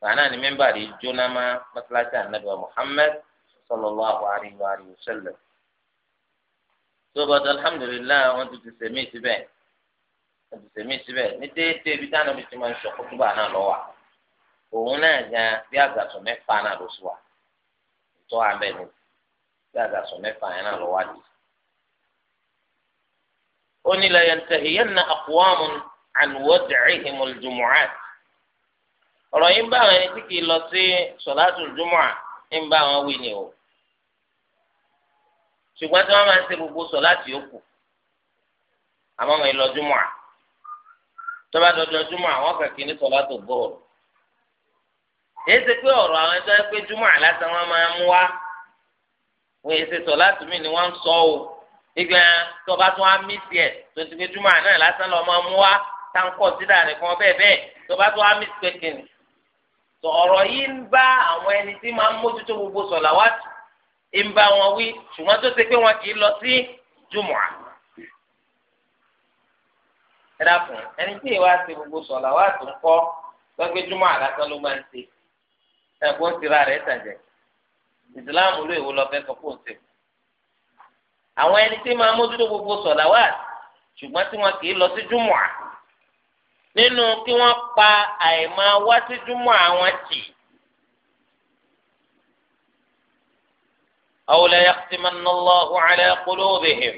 gbaná ni mẹ́mbà rí jóná má mọ́sálásí ànábì wa Muhammad sallallahu alayhi wa sallam tóbọ̀tò alhamdulilayi wọ́n ti ti sèmí síbẹ̀ wọ́n ti sèmí síbẹ̀ ní déédéé bí táwọn ibi tí wọ́n ń sọ kótóbà náà lọ wà òun náà gan bí àgàsọ mẹ́fà náà ló sùn tó àbẹ̀ ni bí àgàsọ mẹ́fà yẹn náà lọ wà dìde oni la yantahiyanna aqwamun an wad'ihim al-jumu'at ọ̀rọ̀ yìí ń bá àwọn ẹni tí kì í lọ sí sọ̀látù jumu'a ń bá àwọn wí ni o ṣùgbọ́n tí wọ́n máa ń ṣe gbogbo sọ̀látù yòókù àmọ́ wọn lọ jumu'a tó bá dọ̀dọ̀ jumu'a àwọn kàkí ní sọ̀látù bọ́ọ̀lù èyí ṣe pé ọ̀rọ̀ àwọn ẹjọ́ pé jumu'a lásán wọn máa ń wá wọn èyí ṣe sọ̀látù mi ni wọ́n ń sọ o ìgbà tọba tó wá mí tiẹ̀ tó ti fi túmọ̀ àná lásán lọ́ máa mú wá táǹkọ̀ sídà nìkan bẹ́ẹ̀ bẹ́ẹ̀ tọba tó wá mí tiẹ̀ kìnnì. sọ̀rọ̀ yìí ń bá àwọn ẹni tí máa ń mójútó gbogbo sọ̀là wá tù ń bá wọn wí ṣùgbọ́n tó ṣe pé wọn kì í lọ sí jùmọ̀ à. ẹ dákun ẹni tí ìwà ṣe gbogbo sọ̀là wá tù ń kọ́ lọ́gbẹ́ jùmọ̀ àlásán ló máa ń ṣe ẹ̀kọ́ ń àwọn ẹni tí máa mójútó gbogbo sọ̀làwà ṣùgbọ́n tí wọn kì í lọ sí júmọ̀ à nínú kí wọ́n pa àìmọ́ wá sí júmọ̀ àwọn tì. aw la yaqtimanna Allahu ala qulubihim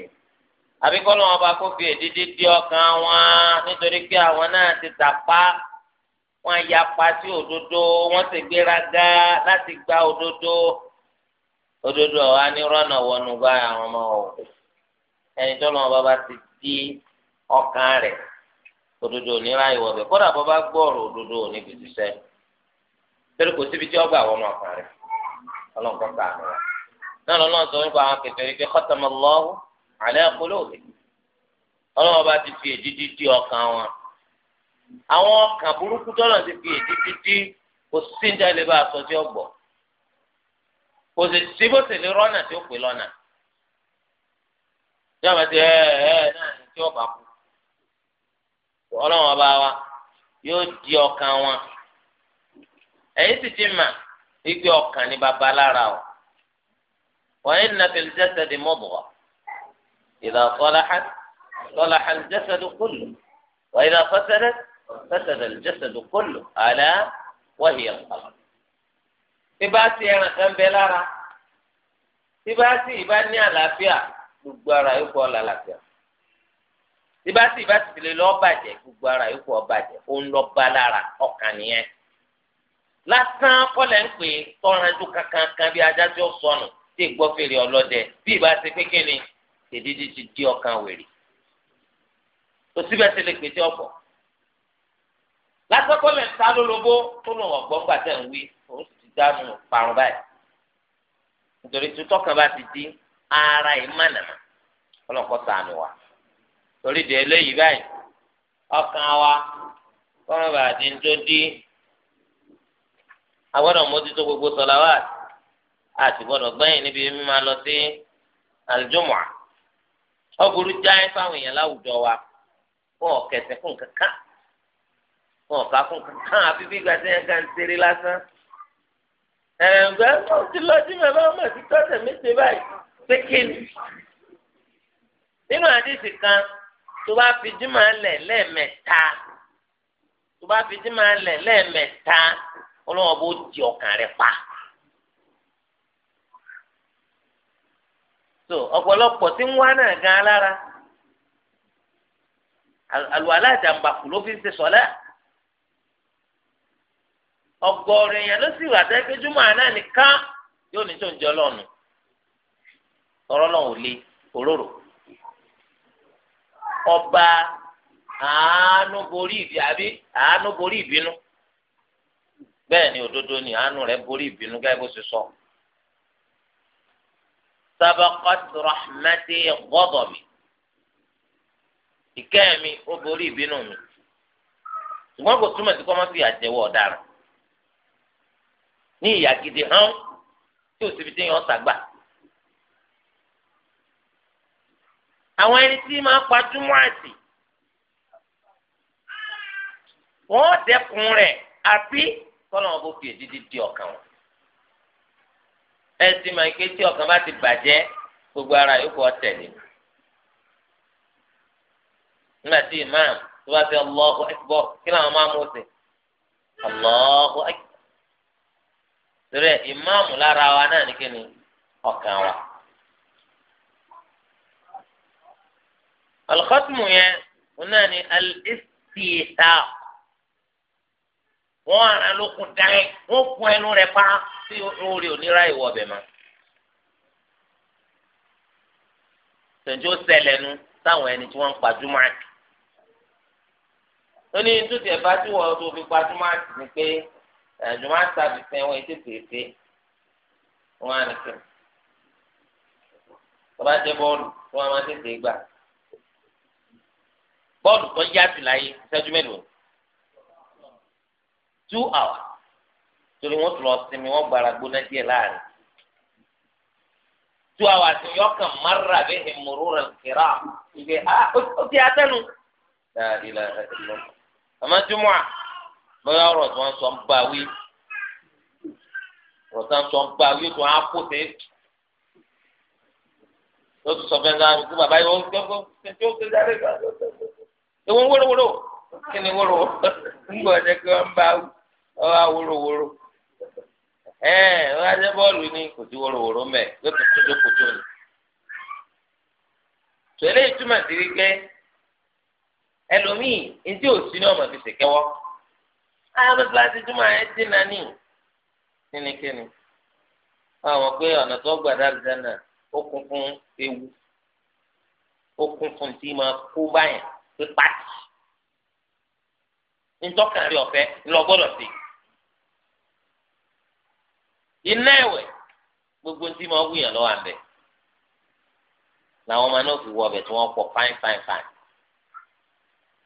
àbí kọ́ lọ́wọ́ bá kó fi èdìdí di ọkàn wọn nítorí pé àwọn náà ti tàpá wọn yapa sí òdodo wọn sì gbéraga láti gba òdodo òdodo ọ̀wá ni rọ́nà wọnú bá àwọn ọmọ ọ̀hún ẹni tó lọ́wọ́ bá bá ti di ọkàn rẹ̀ òdodo òní ráyè wọ̀ bẹ̀ kódà bọ́ bá gbọ́ọ̀rọ̀ òdodo òní bìtì sẹ́ torí kò síbi tí ọgbà wọnú ọkàn rẹ̀ ọlọ́nkọ́ ká àná wa náà lọ́nà sọ nípa àwọn kẹfẹ́ wípé khatamallahu ala qulubi ọlọ́wọ́ bá ti fi èdí dídí ọkàn wọn àwọn ọkàn burúkú tọ́lọ̀ ti fi èdí dídí kò sí ní kò sì sí bó sì lè rọ́nà tí ó pè lọ́nà tí wọ́n ti ẹ ẹ náà ní tí ọba kú ọlọ́run ọba wa yóò di ọkàn wọn ẹ̀yin sì ti mà igbe ọkàn ní babalára o wọ́n yín nàfẹ́ lẹ́sẹ̀ di mọ́bùrọ̀ ìlà sọ́láhà sọ́láhà lẹ́sẹ̀ di kúlù wọ́n yín nàfẹ́ sẹ́dẹ̀ sẹ́sẹ̀ lẹ́sẹ̀ di kúlù àlẹ́ wọ́n yẹ kọ́lọ́ tí bá ti ẹran kan bẹ lára tí bá ti ìbá ní àlàáfíà gbogbo ara yóò kọ́ lálàáfíà tí bá ti ìbá ti tìlẹ̀ lọ́ bàjẹ́ gbogbo ara yóò kọ́ bàjẹ́ ó ń lọ bá lára ọkàn nìyẹn lásán kọ́lẹ̀ ń pè tọ́ranjú kankan kan bí ajá tí ó sọnù tí ì gbọ́ fèrè ọlọ́dẹ bí ìbá ti pé ni tèdídì ti di ọkàn wèrè tó síbẹ̀ ti lè pè ọ̀pọ̀ lásán kọ́lẹ̀ ń ta lólobó tó lò wọ́n gbọ́ tẹ̀ ń wí dànù parun báyìí nítorí tutọ́ kan bá ti di ara ìmánàmá ọlọ́nkọ́ sànù wa torí di eléyìí báyìí ọkàn wa kọ́mọ bàá di tó di agbọ́dọ̀ mójútó gbogbo sọ̀làwà àti gbọ́dọ̀ gbẹ́yìn níbi mímá lọ sí àlùjọ́mọ̀à ọ̀gùrú jáì fáwọn èèyàn láwùjọ wa fún ọ̀kẹ́sẹ̀ fún kankan fún ọ̀ka fún kankan àfi bí gbàtẹ́yìn kan ṣeré lásán. ẹ̀rẹ̀ǹgbẹ́ náà ti lọ́jú bàbá ọmọ ti tọ́sẹ̀ méje báyìí pé kí ni. nínú àdìsí kan tó bá fi jùmọ̀ lẹ̀ lẹ́ẹ̀mẹ́ta tó bá fi lẹ̀ ọlọ́wọ́ bó pa. so ọ̀pọ̀lọpọ̀ tí ń wá náà gan alára àlùwàlá ló fi ń ọ̀gọ̀ọ̀rọ̀ èèyàn ló sì wà tẹ́lẹ̀ júmọ̀ àná nìkan yóò ní tó ń jọ lọ́nu ọ̀rọ̀ náà ò le òróró ọba àánú borí ìbí àbí àánú borí ìbínú bẹ́ẹ̀ ni òdodo ni àánú rẹ̀ borí ìbínú gẹ́gẹ́ bó ṣe sọ. sabaqat rahmati ghadabi ìkẹ́ mi ó borí ìbínú mi ṣùgbọ́n kò túmọ̀ sí kọ́mọ́sí àjẹwọ́ ọ̀daràn. ní ìyà gidi hàn tí ò síbi téèyàn ṣàgbà. àwọn ẹni tí máa pa júmọ́ àti wọ́n dẹ́kun rẹ̀ àbí kọ́nà wọn bó fi èdìdì di ọkàn wọn. ẹ ti mọ̀ ike tí ọkàn bá ti bàjẹ́ gbogbo ara yòókù ọ̀tẹ̀lẹ̀. nígbà tí imam tó bá fi Allahu Akbar kí làwọn máa mú sí Allahu Akbar torí ẹ ìmáàmù lára wa náà ní kíni ọkàn wa. alukọ́tùmù yẹn wọn náà ní alìsíta wọn ara lókun dáhẹ wọn kún ẹnu rẹ pa sí orí onírà ìwọ ọbẹ mọ. tẹ̀jú sẹlẹ̀ nu sáwọn ẹni tí wọ́n ń pa jùmọ̀ àti. ó ní tútù ẹ̀fà tí wọ́n tó fi pa jùmọ̀ àti pé ẹ̀dùnmá sábì fẹ́ wọ́n ètò pèsè wọn á nìkan tọ́ba jẹ́ bọ́ọ̀lù tí wọ́n máa tètè gbà bọ́ọ̀lù tó yá sí láyé ìṣẹ́jú mélòó two hours torí wọ́n tún lọ sinmi wọ́n gbára gbóná díẹ̀ láàrin two hours ni yọkàn mara bẹ́ẹ̀ ni mòrúra kìrà ìgbé ah ó ti atẹ́nu. dáadé la ẹ lọ àmọ́ jùmọ̀ à bóyá ọ̀rọ̀ tí wọ́n sọ ń bá wí ọ̀rọ̀ tí wọ́n sọ ń bá wí tó á kó tẹ ló ti sọ fẹ́ẹ́ náà kó bàbá yìí wọ́n gbọ́ gbọ́ tí ó ti dáre gbà ló tẹ̀ ewu wórówóró kí ni wóró [LAUGHS] ńgbọ́ ọ̀jẹ̀ kí wọ́n bá ọ̀rọ̀ wórówóró ẹ̀ ọ̀rọ̀ ajẹ́ bọ́ọ̀lù ni kò sí wórówóró mẹ́ ló ti tó jókòó ni tòlẹ́ ìtumọ̀ sí wípé ẹlòmíì ntí òsínú ọmọ fi ṣèkẹ́wọ́ àwọn mẹsàlásì jùmọ̀ ẹ̀ ti nà ní kínníkínní àwọn pé ọ̀nà tó gbàdá àlùjáná ó kún fún ewu ó kún fún tí máa kó báyìí pé pàtì ntọ́kàrí ọ̀fẹ́ ńlọ gbọ́dọ̀ sí iná ẹ̀wẹ̀ gbogbo ntí máa wúyàn lọ́wọ́ àbẹ̀ làwọn ọmọ náà fi wọ ọbẹ̀ tí wọ́n pọ̀ fáin fáin fáin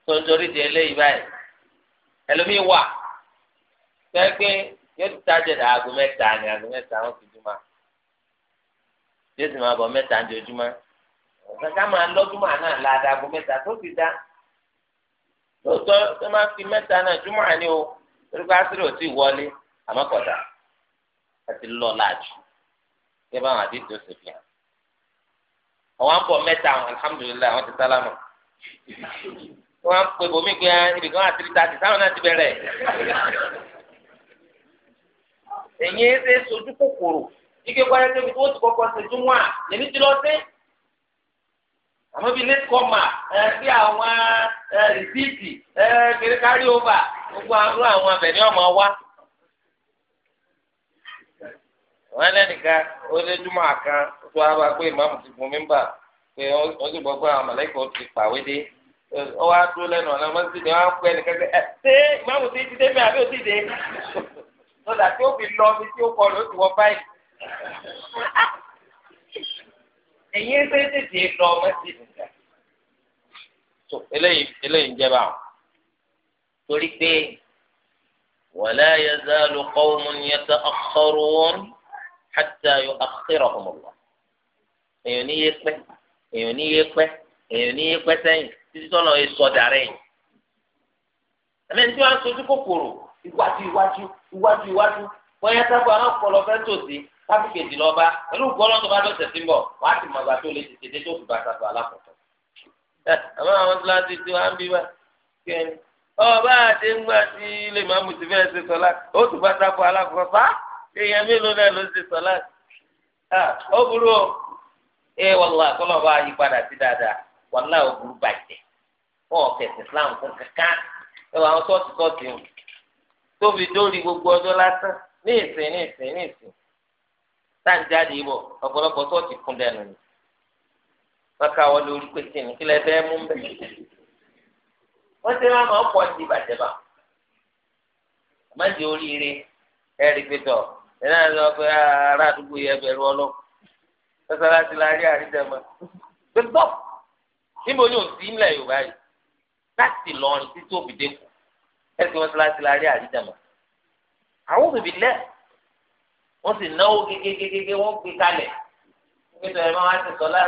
tó ń torí di eléyìí báyìí ẹlòmíì wà sẹ́gbẹ́ yóò ti tájẹ̀ dà aago mẹ́ta ni aago mẹ́ta wọn fi jùmọ̀ yóò sì máa bọ̀ mẹ́ta ní ojúmọ́ ọ̀sán máa lọ́dúnmọ́ náà la da aago mẹ́ta tó fi dá lóòótọ́ tó máa fi mẹ́ta náà jùmọ̀ ni o torípé àṣírí ò tí ì wọlé àmọ́ kọ̀dà àti lọ láàjù kí ẹ bá wọn àti tó sì fi hàn àwọn àpò mẹ́ta àwọn alihamudulilayi àwọn ti sálámù wọn pe bomi pe ah, ibìkan àti ìta àti sáwọn náà ti bẹ̀rẹ̀. èyí eze sojú kòkòrò ike kọ́ ẹsẹ̀ mi tó ti kọ́kọ́ ṣe tún wà lèmi ti lọ sí. àmọ́ bíi late comer ẹ sí àwọn rìsíìtì ẹ kiri kárí ova a pé ti gun mímbà pé wọ́n sì gbọ́ pé àwọn mọ̀lẹ́kọ̀ọ́ ti pàwé dé wá dúró lẹ́nu ọ̀nà mọ́sídìí wọ́n á pẹ́ ẹ ṣé ti ti dé mi àbí ò ti lọ́dà tí ó fi lọ ibi tí ó kọ rẹ̀ ó ti wọ báyìí. èyí ń pẹ́ tètè lọ mẹ́sìlì nìkan. tó eléyìí eléyìí ń jẹ́ báwọn. torí pé wala yazalu qawmun yata'akhkharun hatta yu'akhkhirahum Allah. èèyàn ní yé pẹ́ èèyàn ní yé pẹ́ èèyàn ní yé pẹ́ sẹ́yìn títí tọ́lọ̀ yẹ sọ̀dà rẹ̀ tí wọ́n á sojú kòkòrò iwájú iwájú iwájú iwájú wọ́n yẹ sábà náà kọ́ lọ fẹ́ tòsí láti kejì lọ́ba pẹ̀lú gbọ́dọ̀ tó bá dọ̀sẹ̀ sí bọ̀ wàá ti màgbà tó lè tètè dé tó fi bàtà tó alákọ̀ọ́kọ́. àmọ́ àwọn tó láti tí wọ́n á ń bí wá kẹ́ni ọba àti ńgbà tí lè máa mú ti fẹ́ ṣe sọ́lá ó tún bàtà tó alákọ̀ọ́kọ́ fá èèyàn mélòó náà ló ṣe sọ́lá. ó burú o ẹ wàllá kọ́lọ́ bá yí padà sí dáadáa wàllá ò burú bàjẹ́ wọn kẹsì Islam fún kankan ẹ tó fi dórí gbogbo ọjọ́ lásán ní ìsìn ní ìsìn ní ìsìn táǹjáde ibọ̀ ọ̀pọ̀lọpọ̀ tó ti kún dẹnu ni kọ́ka wọlé orí pèsè ní kílẹ̀ bẹ́ẹ̀ mú bẹ́ẹ̀ wọ́n ti máa máa pọ̀ sí ìbàjẹ́bà àmọ́jẹ́ oríire ẹ̀rí pétọ̀ ẹ̀rọ àlọ́ pé ah, ará àdúgbò yẹ bẹ̀rù ọlọ́ mọ́sálásí la rí àrídẹ́mọ́ pétọ́ níbo ni ò sí ńlẹ̀ Yorùbá yìí láti lọrin títí òbí dẹ́kun ẹsẹ wọn síláṣí la rí àríjàmọ àwọn òbí lẹ wọn sì náwó gégégégé wọn gbé kalẹ̀ nítorí ẹ máa wá sí sọlá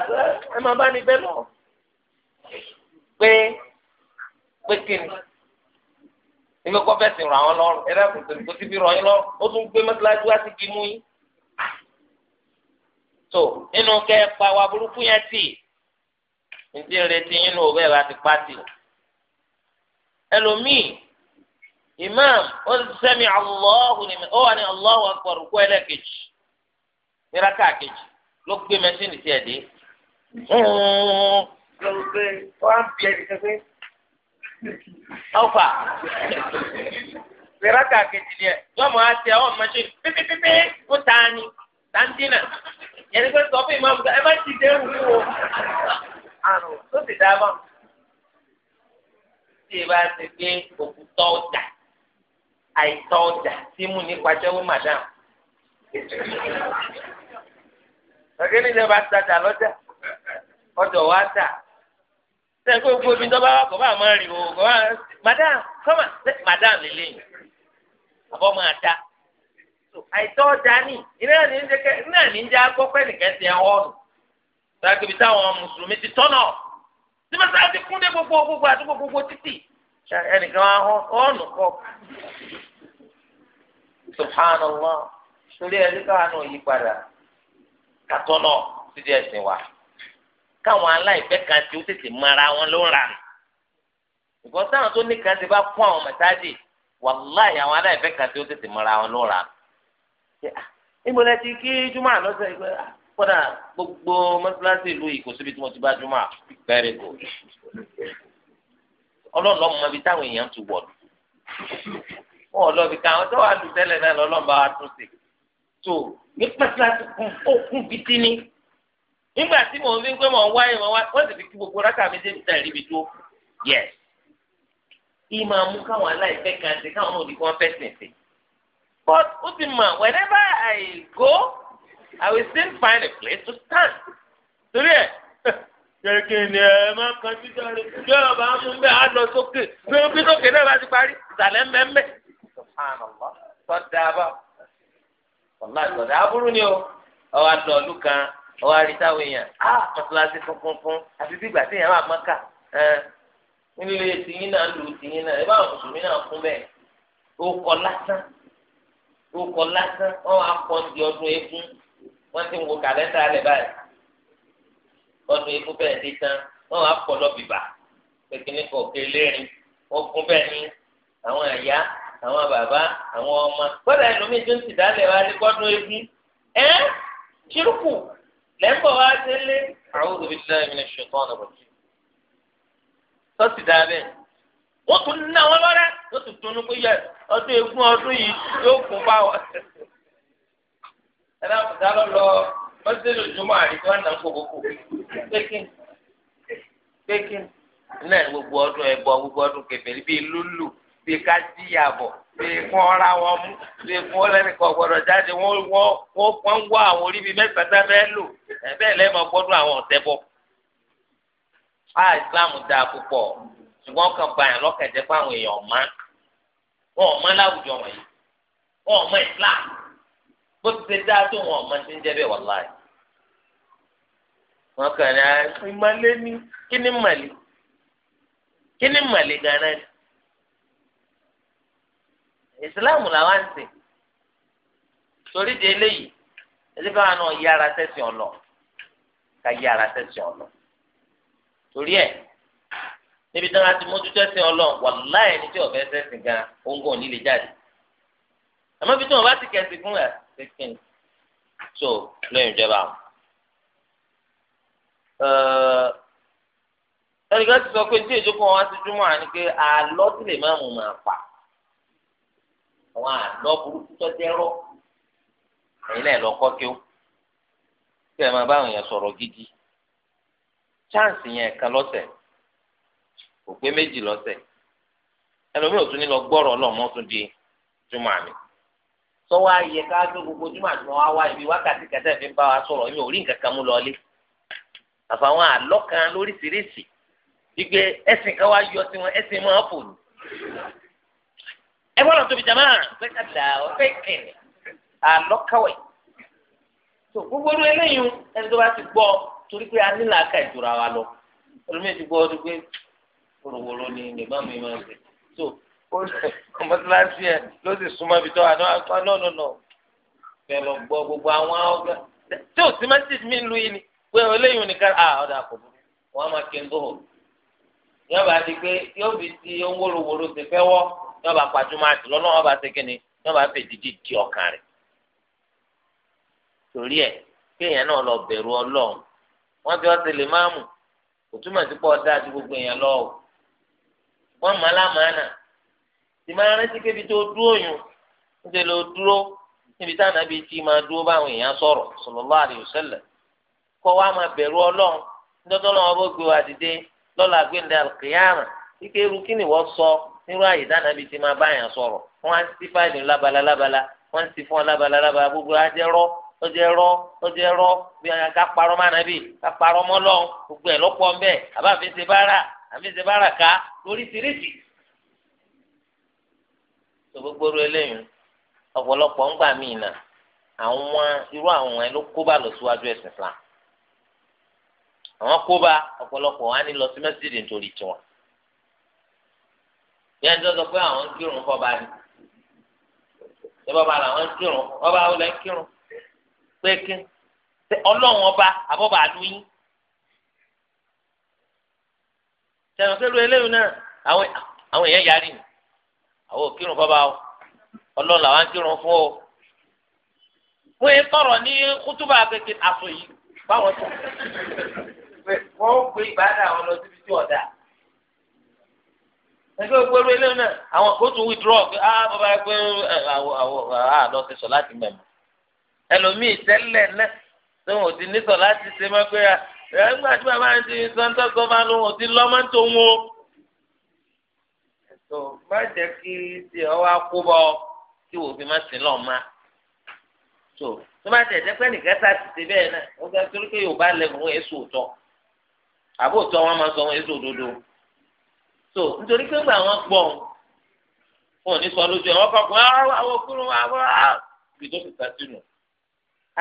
ẹ máa bá mi bẹ lọ pé pé kíni ebi kọ fẹsẹ ràn án lọ́rùn ẹdá kò tó kó síbi ràn yín lọ́rùn ó tún gbé mọ́tíláṣí wá sí kí mú yín. tó nínú kẹ pa wa burúkú yẹn tì ní ti ń retí yín nù bẹ́ẹ̀ bá ti pa tì. ẹlòmíì imam o ti sẹ́mi ni ó wà ní allahu akbar kó ẹlẹ́kejì níraka kejì ló gbé mẹ́sìnì tiẹ̀ dé. ọ̀fà níraka kejì ni ẹ̀ yọmọ àti ẹ̀ ọ̀ mẹ́sìnì pípípípí kó tani tandina yẹn pé sọ fún imam ẹ má ti dé wù ú o àrùn tó ti ti gbé ọjà. àìtọ́ ọjà tí mú nípa jẹ́wọ́ madam. Ọ̀gẹ́ nílẹ̀ bá tajà lọ́jà, ọ̀dọ̀ wa tà. Ṣé kó gbogbo omi dọ́bà wà bá máa rìn madam kọ́mà madam lélẹ̀ yìí. Àbọ̀ máa da. Àìtọ́ ọjà ni ní ń jẹ́ ní ń jẹ́ agbọ́pẹ́ nìkan ti ẹ̀ họ́ọ̀nù. Ṣé táwọn mùsùlùmí ti tọ́nà? Ṣé ti gbogbo gbogbo àdúgbò ẹnìkan wọn ọ̀nù kọ́ subhanallah torí ẹni káwọn náà yí padà kàtọ́ náà ti di ẹ̀sìn wa káwọn aláìpẹ́ kan tí ó tètè mara wọn ló ń rà nù ìgbọ́n táwọn tó ní kan ti bá kún àwọn mẹ́táàdì wàláì àwọn aláìpẹ́ kan tí ó tètè mara wọn ló ń rà nù. ìmọ̀lẹ́ ah, ti kí júmọ̀ àlọ́sẹ̀ ìgbẹ́ ah, kódà gbogbo mọ́tíláṣí ìlú yìí kò síbi tí mo ti bá júmọ̀ very good ọlọ́run lọ́mọ ibi táwọn èèyàn ti wọ̀ lù wọn ò lọ ibi káwọn tó wà lù tẹ́lẹ̀ náà lọ́lọ́run bá wa tún sí tó ní pẹ́sìláṣí kún ó kún bìtì ni nígbà tí mò ń fi pé mò ń wáyé mò ń wáyé wọ́n sì fi kí gbogbo rákà mi débi tá ìríbi tó yẹ ìmọ̀ àmú káwọn aláìfẹ́ kan ṣe káwọn náà di fẹ́ sìn sí but ó ti mọ̀ whenever I go I will still find a place to stand torí ẹ̀ kẹ̀kẹ́ ni ẹ má kan jíjà rẹ̀ bí ọba mú bẹ́ẹ̀ á lọ sókè bí ó bí sókè náà bá ti parí ìsàlẹ̀ mẹ́mẹ́. sọ̀dà bá ọ̀la sọ̀dà aburú ni o ọwọ́ àtọ̀ ọ̀lú kan ọwọ́ àríṣàwọ̀ èèyàn á mọ̀tíláṣí funfun fún àti bí ìgbà tí èèyàn máa mọ́kà nílé tìyín náà lù tìyín náà ẹ bá àwọn mùsùlùmí náà kún bẹ́ẹ̀ ó kọ lásán ó kọ lásán wọ́n á kọ́ di ọdún eégún wọ́n ti ń ọdún ikú bẹ́ẹ̀ dé tán wọ́n wá pọ̀ lọ́bìbà pékinní kò kélérin ogun bẹ́ẹ̀ ni àwọn àyà àwọn bàbá àwọn ọmọ gbọ́dọ̀ ẹlòmíì tó ń ti dálẹ̀ wá ní kọ́dún egun ẹ́ ṣírùkù lẹ́ńbọ̀ wá délé àwọn olùbíjìlá ìmìnira ṣùgbọ́n ọ̀nà bọ̀jì tọ́sí dáa bẹ́ẹ̀ wọ́n tún ná wọn lọ́rẹ́ wọ́n tún tún pé yẹ ọdún egun ọdún yìí yóò kún bá wọn. ẹ náà kò dá lọ lọ mọ́sílù jùmọ̀ àdìgbò ọ̀nà kòkòkò pékin pékin náà gbogbo ọdún ẹ̀bọ gbogbo ọdún kẹfẹ́rí bíi lúlù bíi kájíyàbọ̀ bíi fún ọ̀rá wọn mú bíi fún ọlẹ́nìkan gbọdọ̀ jáde wọ́n wọ́n wọ́ àwọn orí bíi mẹ́tàtà bẹ́ẹ̀ lò bẹ́ẹ̀ lẹ́mọ̀ gbọ́dún àwọn ọ̀tẹ́ bọ̀. a Islam da púpọ̀ ṣùgbọ́n kan bàyàn lọ́kẹ̀dẹ́ fún àwọn èèyàn ọ̀ma wọn ọ̀ma láwùjọ wọ̀nyí wọn ọ̀ma Islam bó ti ṣe dáa tó wọn ọ̀ma ti ń jẹ́ bẹ́ẹ̀ wàláì wọn kàn ní ah, ìmàlẹ́ ní kíní màlẹ́ kíní màlẹ́ gan-an ni ìsìláàmù làwọn ń sìn torí de eléyìí ẹlẹ́bí àwọn náà yára sẹ́sìn ọ̀nà ká yára sẹ́sìn ọ̀nà torí ẹ̀ níbi tí wọn ti mójútó ẹ̀sìn Ọlọ́run wàláì ẹni tí ọ̀fẹ́ sẹ́sìn gan oúnjẹ òní lè jáde àmọ́ ibi tí wọn bá ti kẹ̀sìn fún ẹ̀ ṣe kí ni tó lóyún ìjọba àwọn. Eh, ẹnìkan ti sọ pé tí ìjókòó wọn ti dúmọ̀ àní pé àlọ́ tí lè máa mú máa pa àwọn àlọ́ burúkú tó dẹ́rọ́ ẹ̀yin náà lọ kọ́ kí ó kí ẹ máa bá àwọn èèyàn sọ̀rọ̀ gidi chance yẹn kan lọ́sẹ̀ kò pé méjì lọ́sẹ̀ ẹlòmíì ò tún ní lọ gbọ́rọ̀ ọlọ́mọ tún di júmọ̀ àmì sọ́wọ́ ayẹ ká gbé gbogbo júmọ̀ àti wọn wá wá ibi wákàtí kẹtẹ́ fi ń bá wa sọ̀rọ̀ yín ò rí nǹkan kan mú lọ lé àfàwọn àlọ́ kan lóríṣiríṣi wípé ẹ̀sìn kan wá yọ sí wọn ẹ̀sìn máa fò ní. ẹ gbọ́dọ̀ tóbi jàmá pé kàdà ọ̀fẹ́ kìnnì àlọ́ káwẹ̀. tó gbogbo orí eléyìí ẹni tó bá ti gbọ́ torí pé a nílò aka ìjọra wa lọ olùmíì ti gbọ́ ọdún pé wòlòwòlò ni nìbọn mi máa ń pè tó kọmọtìláṣí ẹ ló sì súnmọ́ ibi tó wà náà nọ nọ nọ bẹ́ẹ̀ lọ gbọ́ gbogbo àwọn ọgbà tí ò sí mẹ́sìtì mi lu yìí ni. pé eléyìí nìkan à ọ̀dà kò burú wọ́n máa kí n tó hò yọba di pé yóò fi ti ohun wóróworó ti fẹ́ wọ́ yọba pàjùmọ̀ àti lọ́nà ọba ṣe kíni yọba fèdìdì di ọkàn rẹ̀ torí ẹ kéèyàn náà lọ bẹ̀rù ọlọ́run wọ́n fi ọtí lè máàmù kò túmọ̀ sí gbogbo èèyàn lọ o wọ́n alámàánà máa rántí kébi tó dúró ń dúró níbi táwọn àbí máa dúró báwọn èèyàn sọ̀rọ̀ kọ́ wa máa bẹ̀rù ọlọ́run dọ́tọ́ lọ́wọ́ bó gbé wa dìde lọ́la gbẹ̀ndẹ̀ àlùkìyàmà ike irú kí ni wọ́n sọ nírú àyè dáná bíi ti máa báyàn sọ̀rọ̀ wọ́n á sí fáìlì lábala lábala wọ́n sì fún ọ lábala lábala gbogbo ajẹ́rọ́ ọjẹ́rọ́ ọjẹ́rọ́ bí ká parọ́ máa nàbì ká parọ́ mọ́ lọ́hùn gbogbo ẹ̀ lọ́pọ̀ ń bẹ̀ àbáfi bára àbí àwọn kóbá ọ̀pọ̀lọpọ̀ wọn á ní lọ sí mẹ́sídìí nítorí tiwọn. yẹn tó sọ pé àwọn ń kírun fọba ni ìbọ̀bà làwọn ń kírun ọba olè ń kírun pé kí ọlọ́run ọba àbọ̀bà àlùyìn. sẹ́wọ̀n kẹ́lu eléyìí náà àwọn àwọn èèyàn yarí ni àwọn òkírun fọba o ọlọ́run làwọn ń kírun fún o. wọ́n yẹ kọ̀rọ̀ ní kútúbà kékeré àfọ̀yí báwọn sọ pé wọ́n gbé ìbára àwọn lọ síbi tí ọ̀dà. ẹgbẹ́ gbogbo eléyìí náà àwọn kò tún withdraw pé ah bàbá ẹ pé àwọn àlọ́ ti sọ láti mẹ́mọ́. ẹlòmíì tẹ́lẹ̀ náà tó wọn ò ti ní sọ láti ṣe máa pé ẹ ń gbà tí bàbá ń ti sọ́ńtọ́ sọ máa lóun ò ti lọ́ máa ń tó wọn o. ẹ̀sọ́ má jẹ́ kí ti ọ wá kó bọ́ kí wò fi má sí lọ́ọ̀ máa. tó bá tẹ̀ jẹ́ pé nìkan ti ṣe bẹ́ẹ̀ náà ó gbà torí pé Yorùbá lẹ́gùn èso tọ́ àbóòtọ́ wọn máa sọ wọn èso òdodo so nítorí pé gbà wọn gbọ́ wọn ò ní sọ lójú ẹ wọn kọ pé ah, àwọn òkúrú wa wọ́n á ah! bí tó fi ta sínú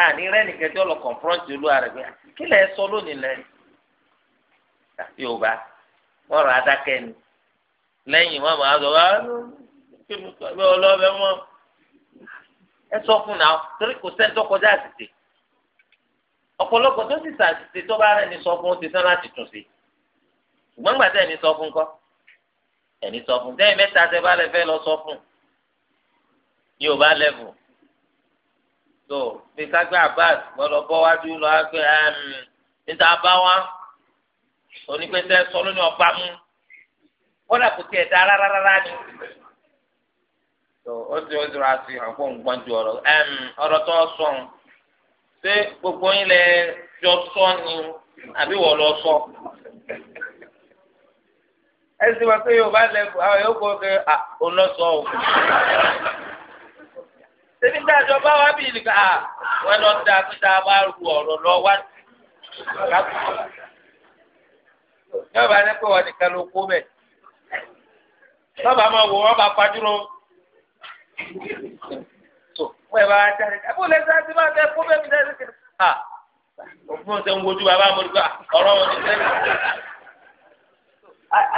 a ní rẹ́ni kẹjọ́ lọ kọ̀ǹfrọ́ǹtì olúwa rẹ̀ pé kí lẹ̀ sọ lónìí lẹ́yìn àti yorùbá wọn rà adákẹ́ ni lẹ́yìn wọn máa sọ wá ah, kí mo ẹ sọ fún náà torí kò sẹ́ńtọ́ kọjá àtìtì ọ̀pọ̀lọpọ̀ tó sì ṣàtìṣe tó bá rẹ̀ ní sọ fún ó ti tán láti tún sí ṣùgbọ́n gbàtà ẹni sọ fún kọ́ ẹni sọ fún tẹ́yìn mẹ́ta tẹ́ bá lẹ fẹ́ lọ sọ fún ní ò bá lẹ́bù tó fi kágbé Abbas gbọ́dọ̀ bọ́ wájú lọ ágbé níta bá wá onípẹ́sẹ́ sọ lónìí ọba mú kódà kò tiẹ̀ dá rárá rárá ni tó ó ti ó ti rà sí àpò nǹkan ju ọ̀rọ̀ ọ̀rọ̀ tó sọ̀rọ̀ ṣé gbogbo yín lẹ jọ sọ ni àbí wọ́n lọ sọ. ẹ sì wá pé yorùbá lẹ́kọ̀ọ́ àwọn yóò kọ́ ọ́ o. ṣèbí dájọ́ bá wá bí nìkan à wọ́n lọ da tó dáa bá ru ọ̀rọ̀ lọ wá. yọ̀bá ní pé wọ́n nìkan ló kó bẹ̀. sábà máa wò wọ́n bá fajúro wọ́n ẹ̀ bá wá jáde àbúrò lẹ́sẹ̀ àti máa bẹ fún bẹ́ẹ̀ mi sẹ́yìn lẹ́sẹ̀ à òfin ọ̀sẹ̀ ń wojú bàbá mo nípa ọ̀rọ̀ wọn ní sẹ́yìn.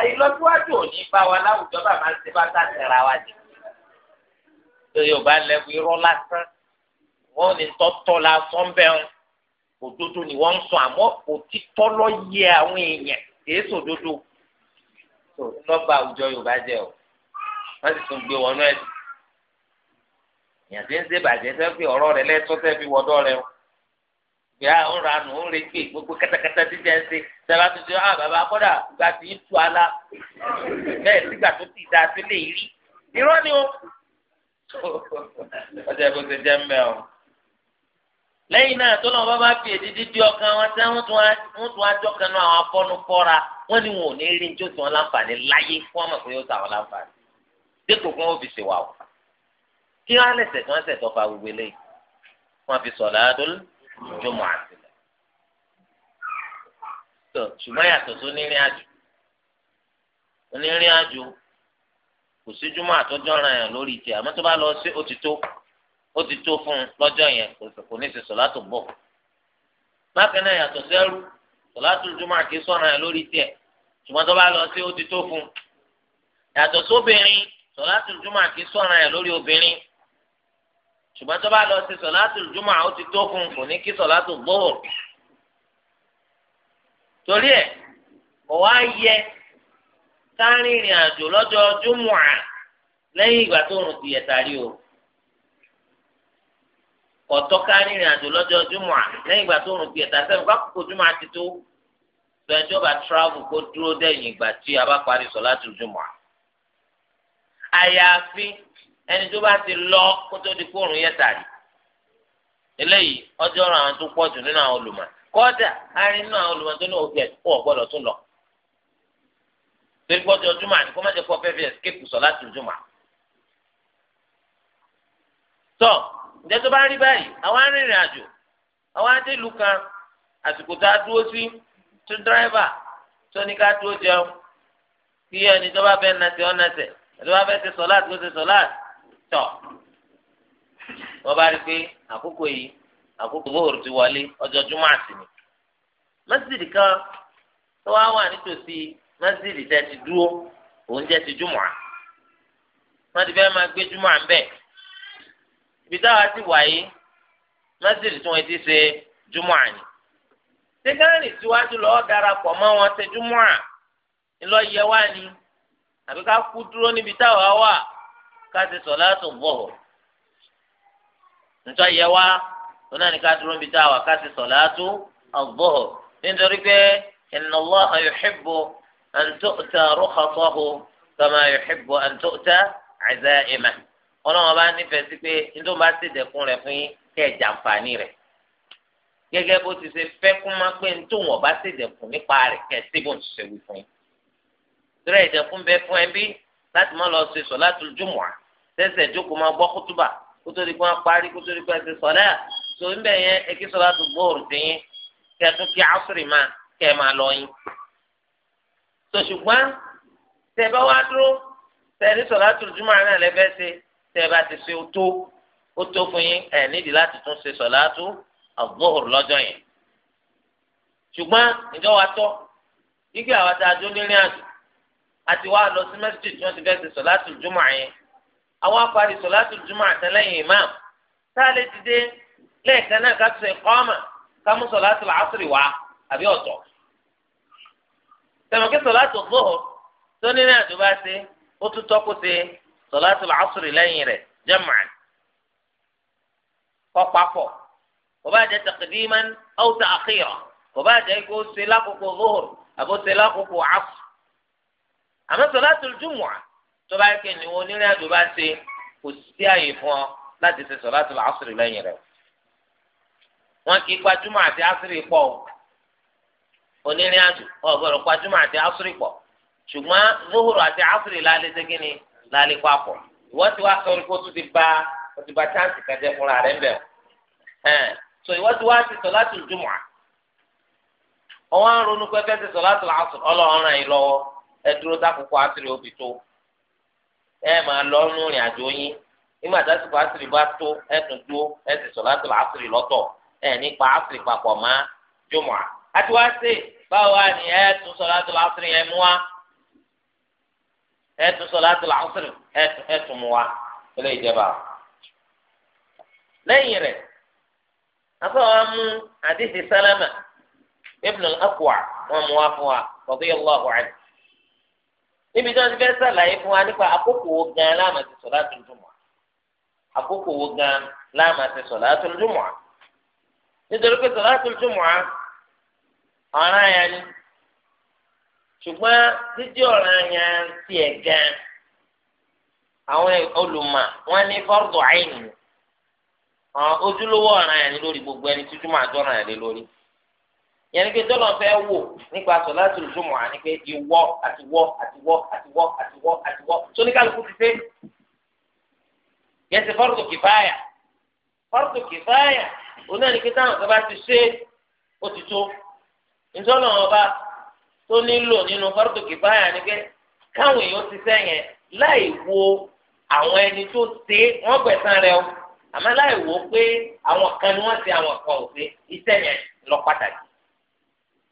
àìlọ́síwájú ò ní bá wa láwùjọ bàbá ń ṣe bá tá tẹ̀ra wa jù. yorùbá lẹ́wọ̀ irọ́ lásán wọ́n ní tọ́tọ́ la sọ́ńbẹ́hùn òdodo ni wọ́n ń sọ àmọ́ òtítọ́ ló yẹ àwọn èèyàn kìí sòdodo. nọ́mbà àwùjọ yorùbá jẹ o wọ́n sì tún gbé wọnú ẹ̀sìn èèyàn ti ń ṣe bàjẹ́ fẹ́ fi ọ̀rọ̀ rẹ lẹ́tọ́ fẹ́ fi wọ́dọ́ rẹ o bí a ń ranù ń retí gbogbo kẹtẹkẹtẹ títí ẹ ń ṣe sábà tó ṣe ah bàbá kọ́dà gba ti ń tu ala bẹ́ẹ̀ sígbà tó ti da sí lè rí irọ́ ni o [LAUGHS] ọjà bó ṣe jẹ́ mẹ́ o lẹ́yìn náà tó náà bá fi èdìdí di ọkàn wọn tí wọ́n tún ajọ́ kan náà àwọn afọ́nu kọ́ra wọ́n ní wọn ò ní rí ní tó tí wọ́n láǹfààní láyé fún ọmọ pé ó ta wọn láǹfààní dépò kí wọ́n fi ṣèwà kí wọn lẹsẹ tí wọn sẹ tó fa gbogbo eléyìí wọn fi sọ̀láàtul jumu'ah àtìlẹ tó ṣùgbọ́n yàtọ̀ tó nírìn àjò onírìn àjò kò sí jumu'ah àtọjọ ọ̀ràn yẹn lórí ìtì àmọ́ tó bá lọ sí òtítọ́ òtítọ́ fún un lọ́jọ́ yẹn kò ní í ṣe sọ̀láàtul bọ̀ bákan náà yàtọ̀ sẹ́rú sọ̀láàtul jumu'ah àti sọ̀ràn yẹn lórí ìtì ẹ̀ ṣùgbọ́n tó bá lọ sí òtítọ́ fún un yàtọ̀ sóbìnrin sọ̀láàtul jumu'ah àti sọ̀ràn yẹn lórí obìnrin ṣùgbọ́n tó bá lọ sí sọ̀látù jùmọ̀ ó ti tó fún un kò ní kí sọ̀látù gbóhùn. torí ẹ̀ kò wá yẹ sáárín ìrìn àjò lọ́jọ́ jùmọ̀ lẹ́yìn ìgbà tó rùn ti yẹ̀tàrí o. kò tọ́ káárín ìrìn àjò lọ́jọ́ jùmọ̀ lẹ́yìn ìgbà tó rùn ti yẹ̀tàrí sẹ́yìn bá kókò jùmọ̀ ti tó. bẹ́ẹ̀ tó bá travel kó dúró dẹ́yìn ìgbà tí a bá parí sọ̀látù jùmọ̀ àyàfi ẹni tó bá ti lọ kó tó di kóòrùn yẹ tàrí eléyìí ọjọ́ ọ̀rọ̀ àwọn tó pọ̀ jù nínú àwọn olùmọ̀ kọ́dà àárín nínú àwọn olùmọ̀ tó ní òkè kó ọ̀gbọ́dọ̀ tún lọ torí pọ́jọ́ jùmọ̀ àti kó má jẹ́ kó fẹ́ fi ẹ̀sìkéèpù sọ láti jùmọ̀. tọ́ ǹjẹ́ tó bá rí báyìí àwọn arìnrìn àjò àwọn adélu kan àsìkò tá a dúró sí tún dírẹ́fà tó ní ká dúró jẹun kí ẹni tó bá fẹ́ nàṣẹ́ ọ̀nàṣẹ́ ẹni tó bá fẹ́ ṣe sọ́láàtì kó ṣe sọ́láàtì tọ̀ wọ́n bá rí i pé àkókò yìí àkókò bóòrù ti wọlé ọjọ́ júmọ́ àti ni mọ́sídìí kan tó wá wà nítòsí mọ́sídìí tẹ́ ti dúró oúnjẹ ti júmọ́ à wọ́n ti fẹ́ máa gbé júmọ́ à ń bẹ̀ ibi táwa ti wà yìí mọ́sídìí tí wọ́n ti ṣe júmọ́ à ni sẹ́kẹ́rì síwájú lọ́ọ́ darapọ̀ mọ́ wọn ṣe júmọ́ à ńlọ yẹ wá ni àbí kú dúró níbi táwa wà káti sọ̀láàtù bọ̀hùr nítorí yẹ wá lónà ní ká dúró níbi tá a wà káti sọ̀láàtù bọ̀hùr nítorí pé inna Allaha yuhibbu an tu'ta rukhatahu kama yuhibbu an tu'ta aza'imahu ọlọ́wọ́n bá nífẹ̀ẹ́ sí pé nítorí bá ti dẹ̀kun rẹ̀ fún yín kẹ́ ẹ̀ jàǹfààní rẹ̀ gẹ́gẹ́ bó ti ṣe fẹ́ kún máa pé nítorí wọn bá ti dẹ̀kun nípa rẹ̀ kẹ́ ẹ̀ síbò ń ṣe wí fún yín. torí ẹ̀dẹ̀kun bẹ fún ẹbí láti má lọ ṣe sọ̀láàtù jumu'ah sẹ́sẹ̀ jókòó máa gbọ́ kútúbà kótóri kó máa parí kótóri kó ẹsẹ̀ sọ̀lẹ́ à tó ń bẹ̀ yẹn ẹkí sọ̀rọ̀ àti gbóòrò tẹ̀yìn kẹ́ tún kí asùrì máa kẹ́ máa lọ yín. tó ṣùgbọ́n tẹ̀ bá wá dúró tẹ̀ ní sọ̀rọ̀ àti jùmọ̀ náà lẹ́fẹ́ ṣe tẹ̀ bá ti ṣe ó tó ó tó fún yín ẹ̀ nídìí láti tún ṣe sọ̀rọ̀ àti àgbóòrò lọ́jọ́ yẹn. ṣùgbọ́n ìjọ wa tọ́ igi àwọn tá a dún nírin àjò àti wá lọ sí ti fẹ́ ṣe sọ̀rọ̀ àti jùmọ̀ yẹn àwọn apari sọ̀láàtù jùmọ̀ àtẹlẹ́yìn imam tá a lè dìde lẹ́ẹ̀kan náà ká tún ìkọ́mà ká mú sọ̀láàtù làásùrì wá àbí ọ̀tọ̀. tẹ̀mọ̀kí sọ̀láàtù zuhur tó ní ní àdúbà ṣe ó tún tọ́kù ṣe sọ̀láàtù làásùrì lẹ́yìn rẹ̀ jẹ́mọ̀ kọ́ papọ̀ kò bá jẹ́ taqdiman aw ta'khira kò bá jẹ́ kó ṣe lákòókò zuhur àbó ṣe lákòókò tó bá kí ni onírìn àjò bá ń ṣe kò sí àyè fún ọ láti ṣe sọ̀láàtù àṣírí lẹ́yìn rẹ̀ wọn kì í gbajúmọ̀ àti àṣírí pọ̀ onírìn àjò wọn gbajúmọ̀ àti àṣírí pọ̀ ṣùgbọ́n zuhuru àti àṣírí lálẹ́ ni lálẹ́ papọ̀ ìwọ́n ti wá kó tún ti ba ó ti ba chance kẹjẹ fúnra rẹ̀ ń bẹ̀ ẹ̀ so ìwọ́n ti wá ti sọ̀láàtù jùmọ̀ E máa lọ nù rìn àjò yín nígbà tí àsìkò àṣírí bá tó ẹ tún dúró ẹ sì sọ láti lọ ẹ nípa papọ̀ mọ́ jùmọ̀ àti ni ẹ tún sọ láti lọ àṣírí yẹn mú wa ẹ tún sọ láti lọ àṣírí ẹ tún mú wa ilé ìjẹba lẹ́yìn rẹ̀ afọwọ́ mú àdìsí sálámà wọn mú níbi tí wọ́n ti fẹ́ sàlàyé fún wa nípa àkókò wo gan láàmà ti solatul jumu'a àkókò wo gan láàmà ti solatul jumu'a nítorí pé solatul jumu'a ọ̀ràn yẹn ni ṣùgbọ́n títí ọ̀ràn yẹn tiẹ̀ gan àwọn olùmọ̀ wọ́n ní fọ́ọ̀dù àìní ojúlówó ọ̀ràn yẹn lórí gbogbo ẹni tí jùmọ̀ àjọràn yẹn lórí yẹn ni pé tọ́lọ̀ fẹ́ wò nípa sọ̀láṣì lùsùmọ̀ àní pé ìwọ àtiwọ àtiwọ àtiwọ àtiwọ àtiwọ sóníkàlùkù ti fẹ́ yẹn ti fọ́rùtù kìfáyà fọ́rùtù kìfáyà òun náà ni pé táwọn kan bá ti ṣe ó ti tó ìtọ́nà ọba tó nílò nínú fọ́rùtù kìfáyà ni pé káwọn èèyàn ti sẹ́yìn láì wo àwọn ẹni tó ṣe wọ́n gbẹ̀san rẹ o àmọ́ láì wo pé àwọn kan ni wọ́n ṣe àwọn kan ò ṣe iṣẹ́ yẹn lọ pàtàkì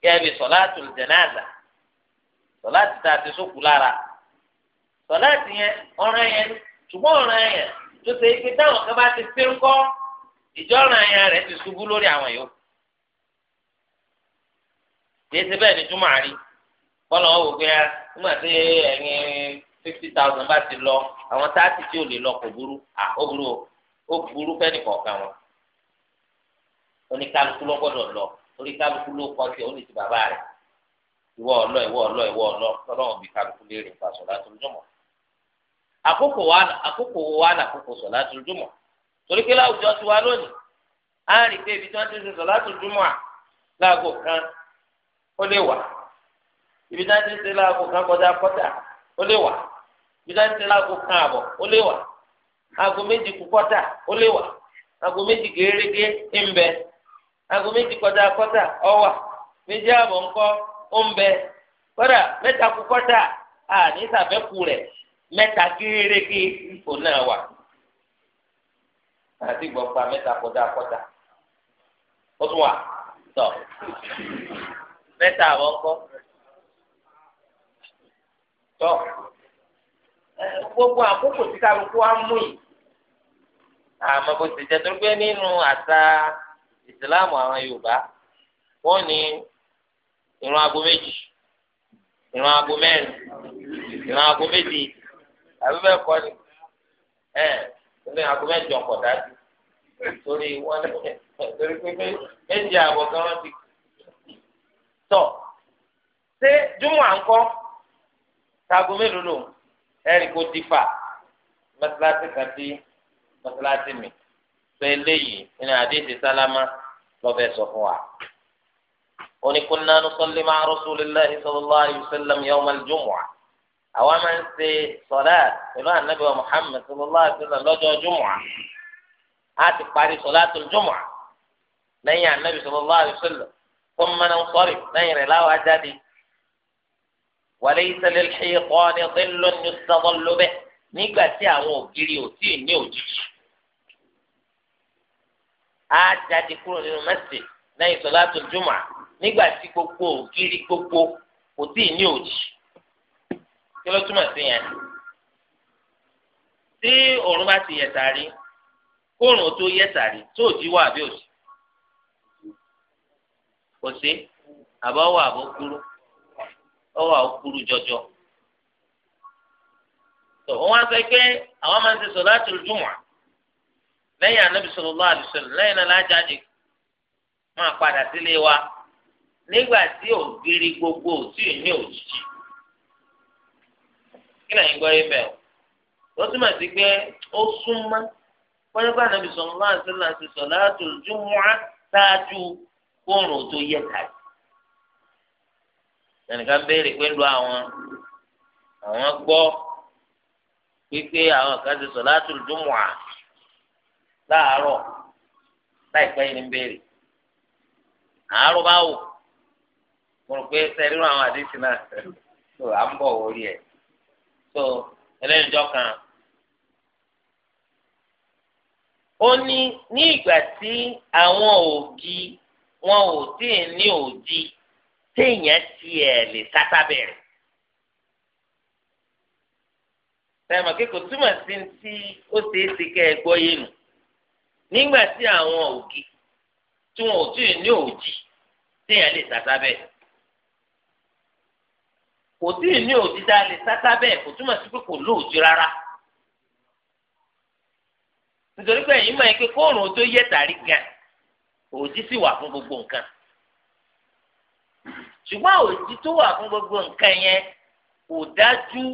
gẹ́gẹ́ bí sọ̀láàtù jẹ̀náàzà sọ̀láàtì tá a ti sókù lára sọ̀láàtì yẹn ọ̀ràn yẹn ṣùgbọ́n ọ̀ràn yẹn tó ṣe é pé táwọn kan bá ti pé ńkọ́ ìjọ́ràn yẹn rẹ̀ ti ṣubú lórí àwọn yòókù kìí bẹ́ẹ̀ ni túmọ̀ àrí bọ́lá wọn wò pé ẹ ah, nígbà tí ẹ̀yin fifty thousand bá ti lọ àwọn táàtì tí ò lè lọ kò burú à ó burú ó burú fẹ́ni kọ̀ọ̀kan wọn oníkálukú lọ́gbọ́dọ̀ lọ torí kálukú ló kọ́ sí òun ní ti bàbá rẹ̀ ìwọ ọlọ ìwọ ọlọ ìwọ ọlọ tọ́lọ́wọ́n bí kálukú léèrè nípa sọ̀lá tó lójúmọ̀ àkókò wa àkókò wa làkókò sọ̀lá tó lójúmọ̀ torí pé láwùjọ ti wá lónìí á rí i pé ibi ibi tí ti láago kan ibi tí ti láago kan àbọ̀ ó wà aago méjì kú kọ́tà aago méjì kọjá kọ́tà ọwà méjì àbọ̀ ńkọ́ ó ń bẹ kọ́dà mẹ́ta kú kọ́tà à ní sàfẹ́kù rẹ̀ mẹ́ta kéréké kò náà wà àti gbọ̀npa mẹ́ta kọjá kọ́tà ó tún wà tọ̀ mẹ́ta àbọ̀ ńkọ́ tọ́ gbogbo àkókò tí kálukú wa mú yìí àmọ́ bó ti jẹ́ tó gbé nínú àṣà ìsìláàmù àwọn yorùbá wọ́n ní ìrun aago méjì ìrun aago mẹ́rin ìrun aago méje àbí bẹ́ẹ̀ kọ́ ni ẹ ìrun aago mẹ́jọ kọ dájú torí wọ́n torí pé méjì àbọ̀ kan wọ́n ti tọ ṣé júmọ̀ à ń kọ́ taago mélòó lò ẹ̀rí kò dìfà mọ́tíláṣí kan sí mọ́tíláṣí mi pé eléyìí nínú àdéhìí sálámà lọ́fẹ̀ẹ́ sọ fún wa. ó ní kunna nusalli ma'a rasulillahi sallallahu alayhi wa sallam yawm al-jumu'ah àwa máa ń ṣe sọ̀dá pẹ̀lú ànábì wa muhammed sallallahu alayhi wa sallam lọ́jọ́ jumu'ah á ti parí salatul jumu'ah lẹ́yìn ànábì sallallahu alayhi wa sallam tó mẹ́nà lẹ́yìn rẹ̀ láwa jáde. وليس للحيطان ظل يستظل به nígbà tí àwọn ògiri á jáde kúrò nínú mẹ́sì lẹ́yìn sọ̀láàtù jùmọ̀ nígbà tí gbogbo ògiri gbogbo kò tí ì ní òjì kí ló túmọ̀ sí yẹn tí òòrùn bá ti yẹ̀ sàrí kóòrùn tó yẹ̀ sàrí tó òjì wà bí òjì kò sí àbọ̀ wà àbọ̀ kúrú ọwọ́ àwọn kúrú jọjọ. tó wọ́n wá sọ pé àwọn máa ń ṣe sọ̀láàtù jùmọ̀ lẹ́yìn anabi sallallahu alaihi wasallam lẹ́yìn náà lájáde máa padà sílé wa nígbà tí ògiri gbogbo ò tí ì ní òjijì kí lẹ́yìn gbọ́ yín bẹ́ẹ̀ o túmọ̀ sí pé ó súnmọ́ pọ́njọ́pọ́ anabi sallallahu alaihi wasallam ti salatul jumu'a ṣáájú kóòrùn tó yẹ tàbí ẹnìkan béèrè pé ń àwọn àwọn gbọ́ pípé àwọn kan ti salatul jumu'a láàárọ̀ láìpẹ́ yìí ní béèrè àárọ̀ bá wò mo rò pé sẹ́rírù àwọn àdéhùn náà tó [LAUGHS] à ń bọ̀ wórí ẹ̀ tó ẹlẹ́nìjọ́ kan ó ní ní ìgbà tí àwọn òògì wọn ò tí ì ní òòdì téèyàn tiẹ̀ lè sátá bẹ̀rẹ̀ sẹ́yìn mọ̀ kíkò túmọ̀ sí ti ó ṣeé ṣe kẹ́ ẹ gbọ́ yé nu nígbà tí àwọn ògì tí wọn ò tí ì ní òjì téèyàn lè sàtà bẹ́ẹ̀ kò tí ì ní òjì tá a lè sàtà bẹ́ẹ̀ kò túmọ̀ sí pé kò lóòjì rárá nítorí pé ẹ̀yin máa ń pé kóòrùn tó yẹ tàrí gan òjì sì wà fún gbogbo nǹkan ṣùgbọ́n òjì tó wà fún gbogbo nǹkan yẹn kò dájú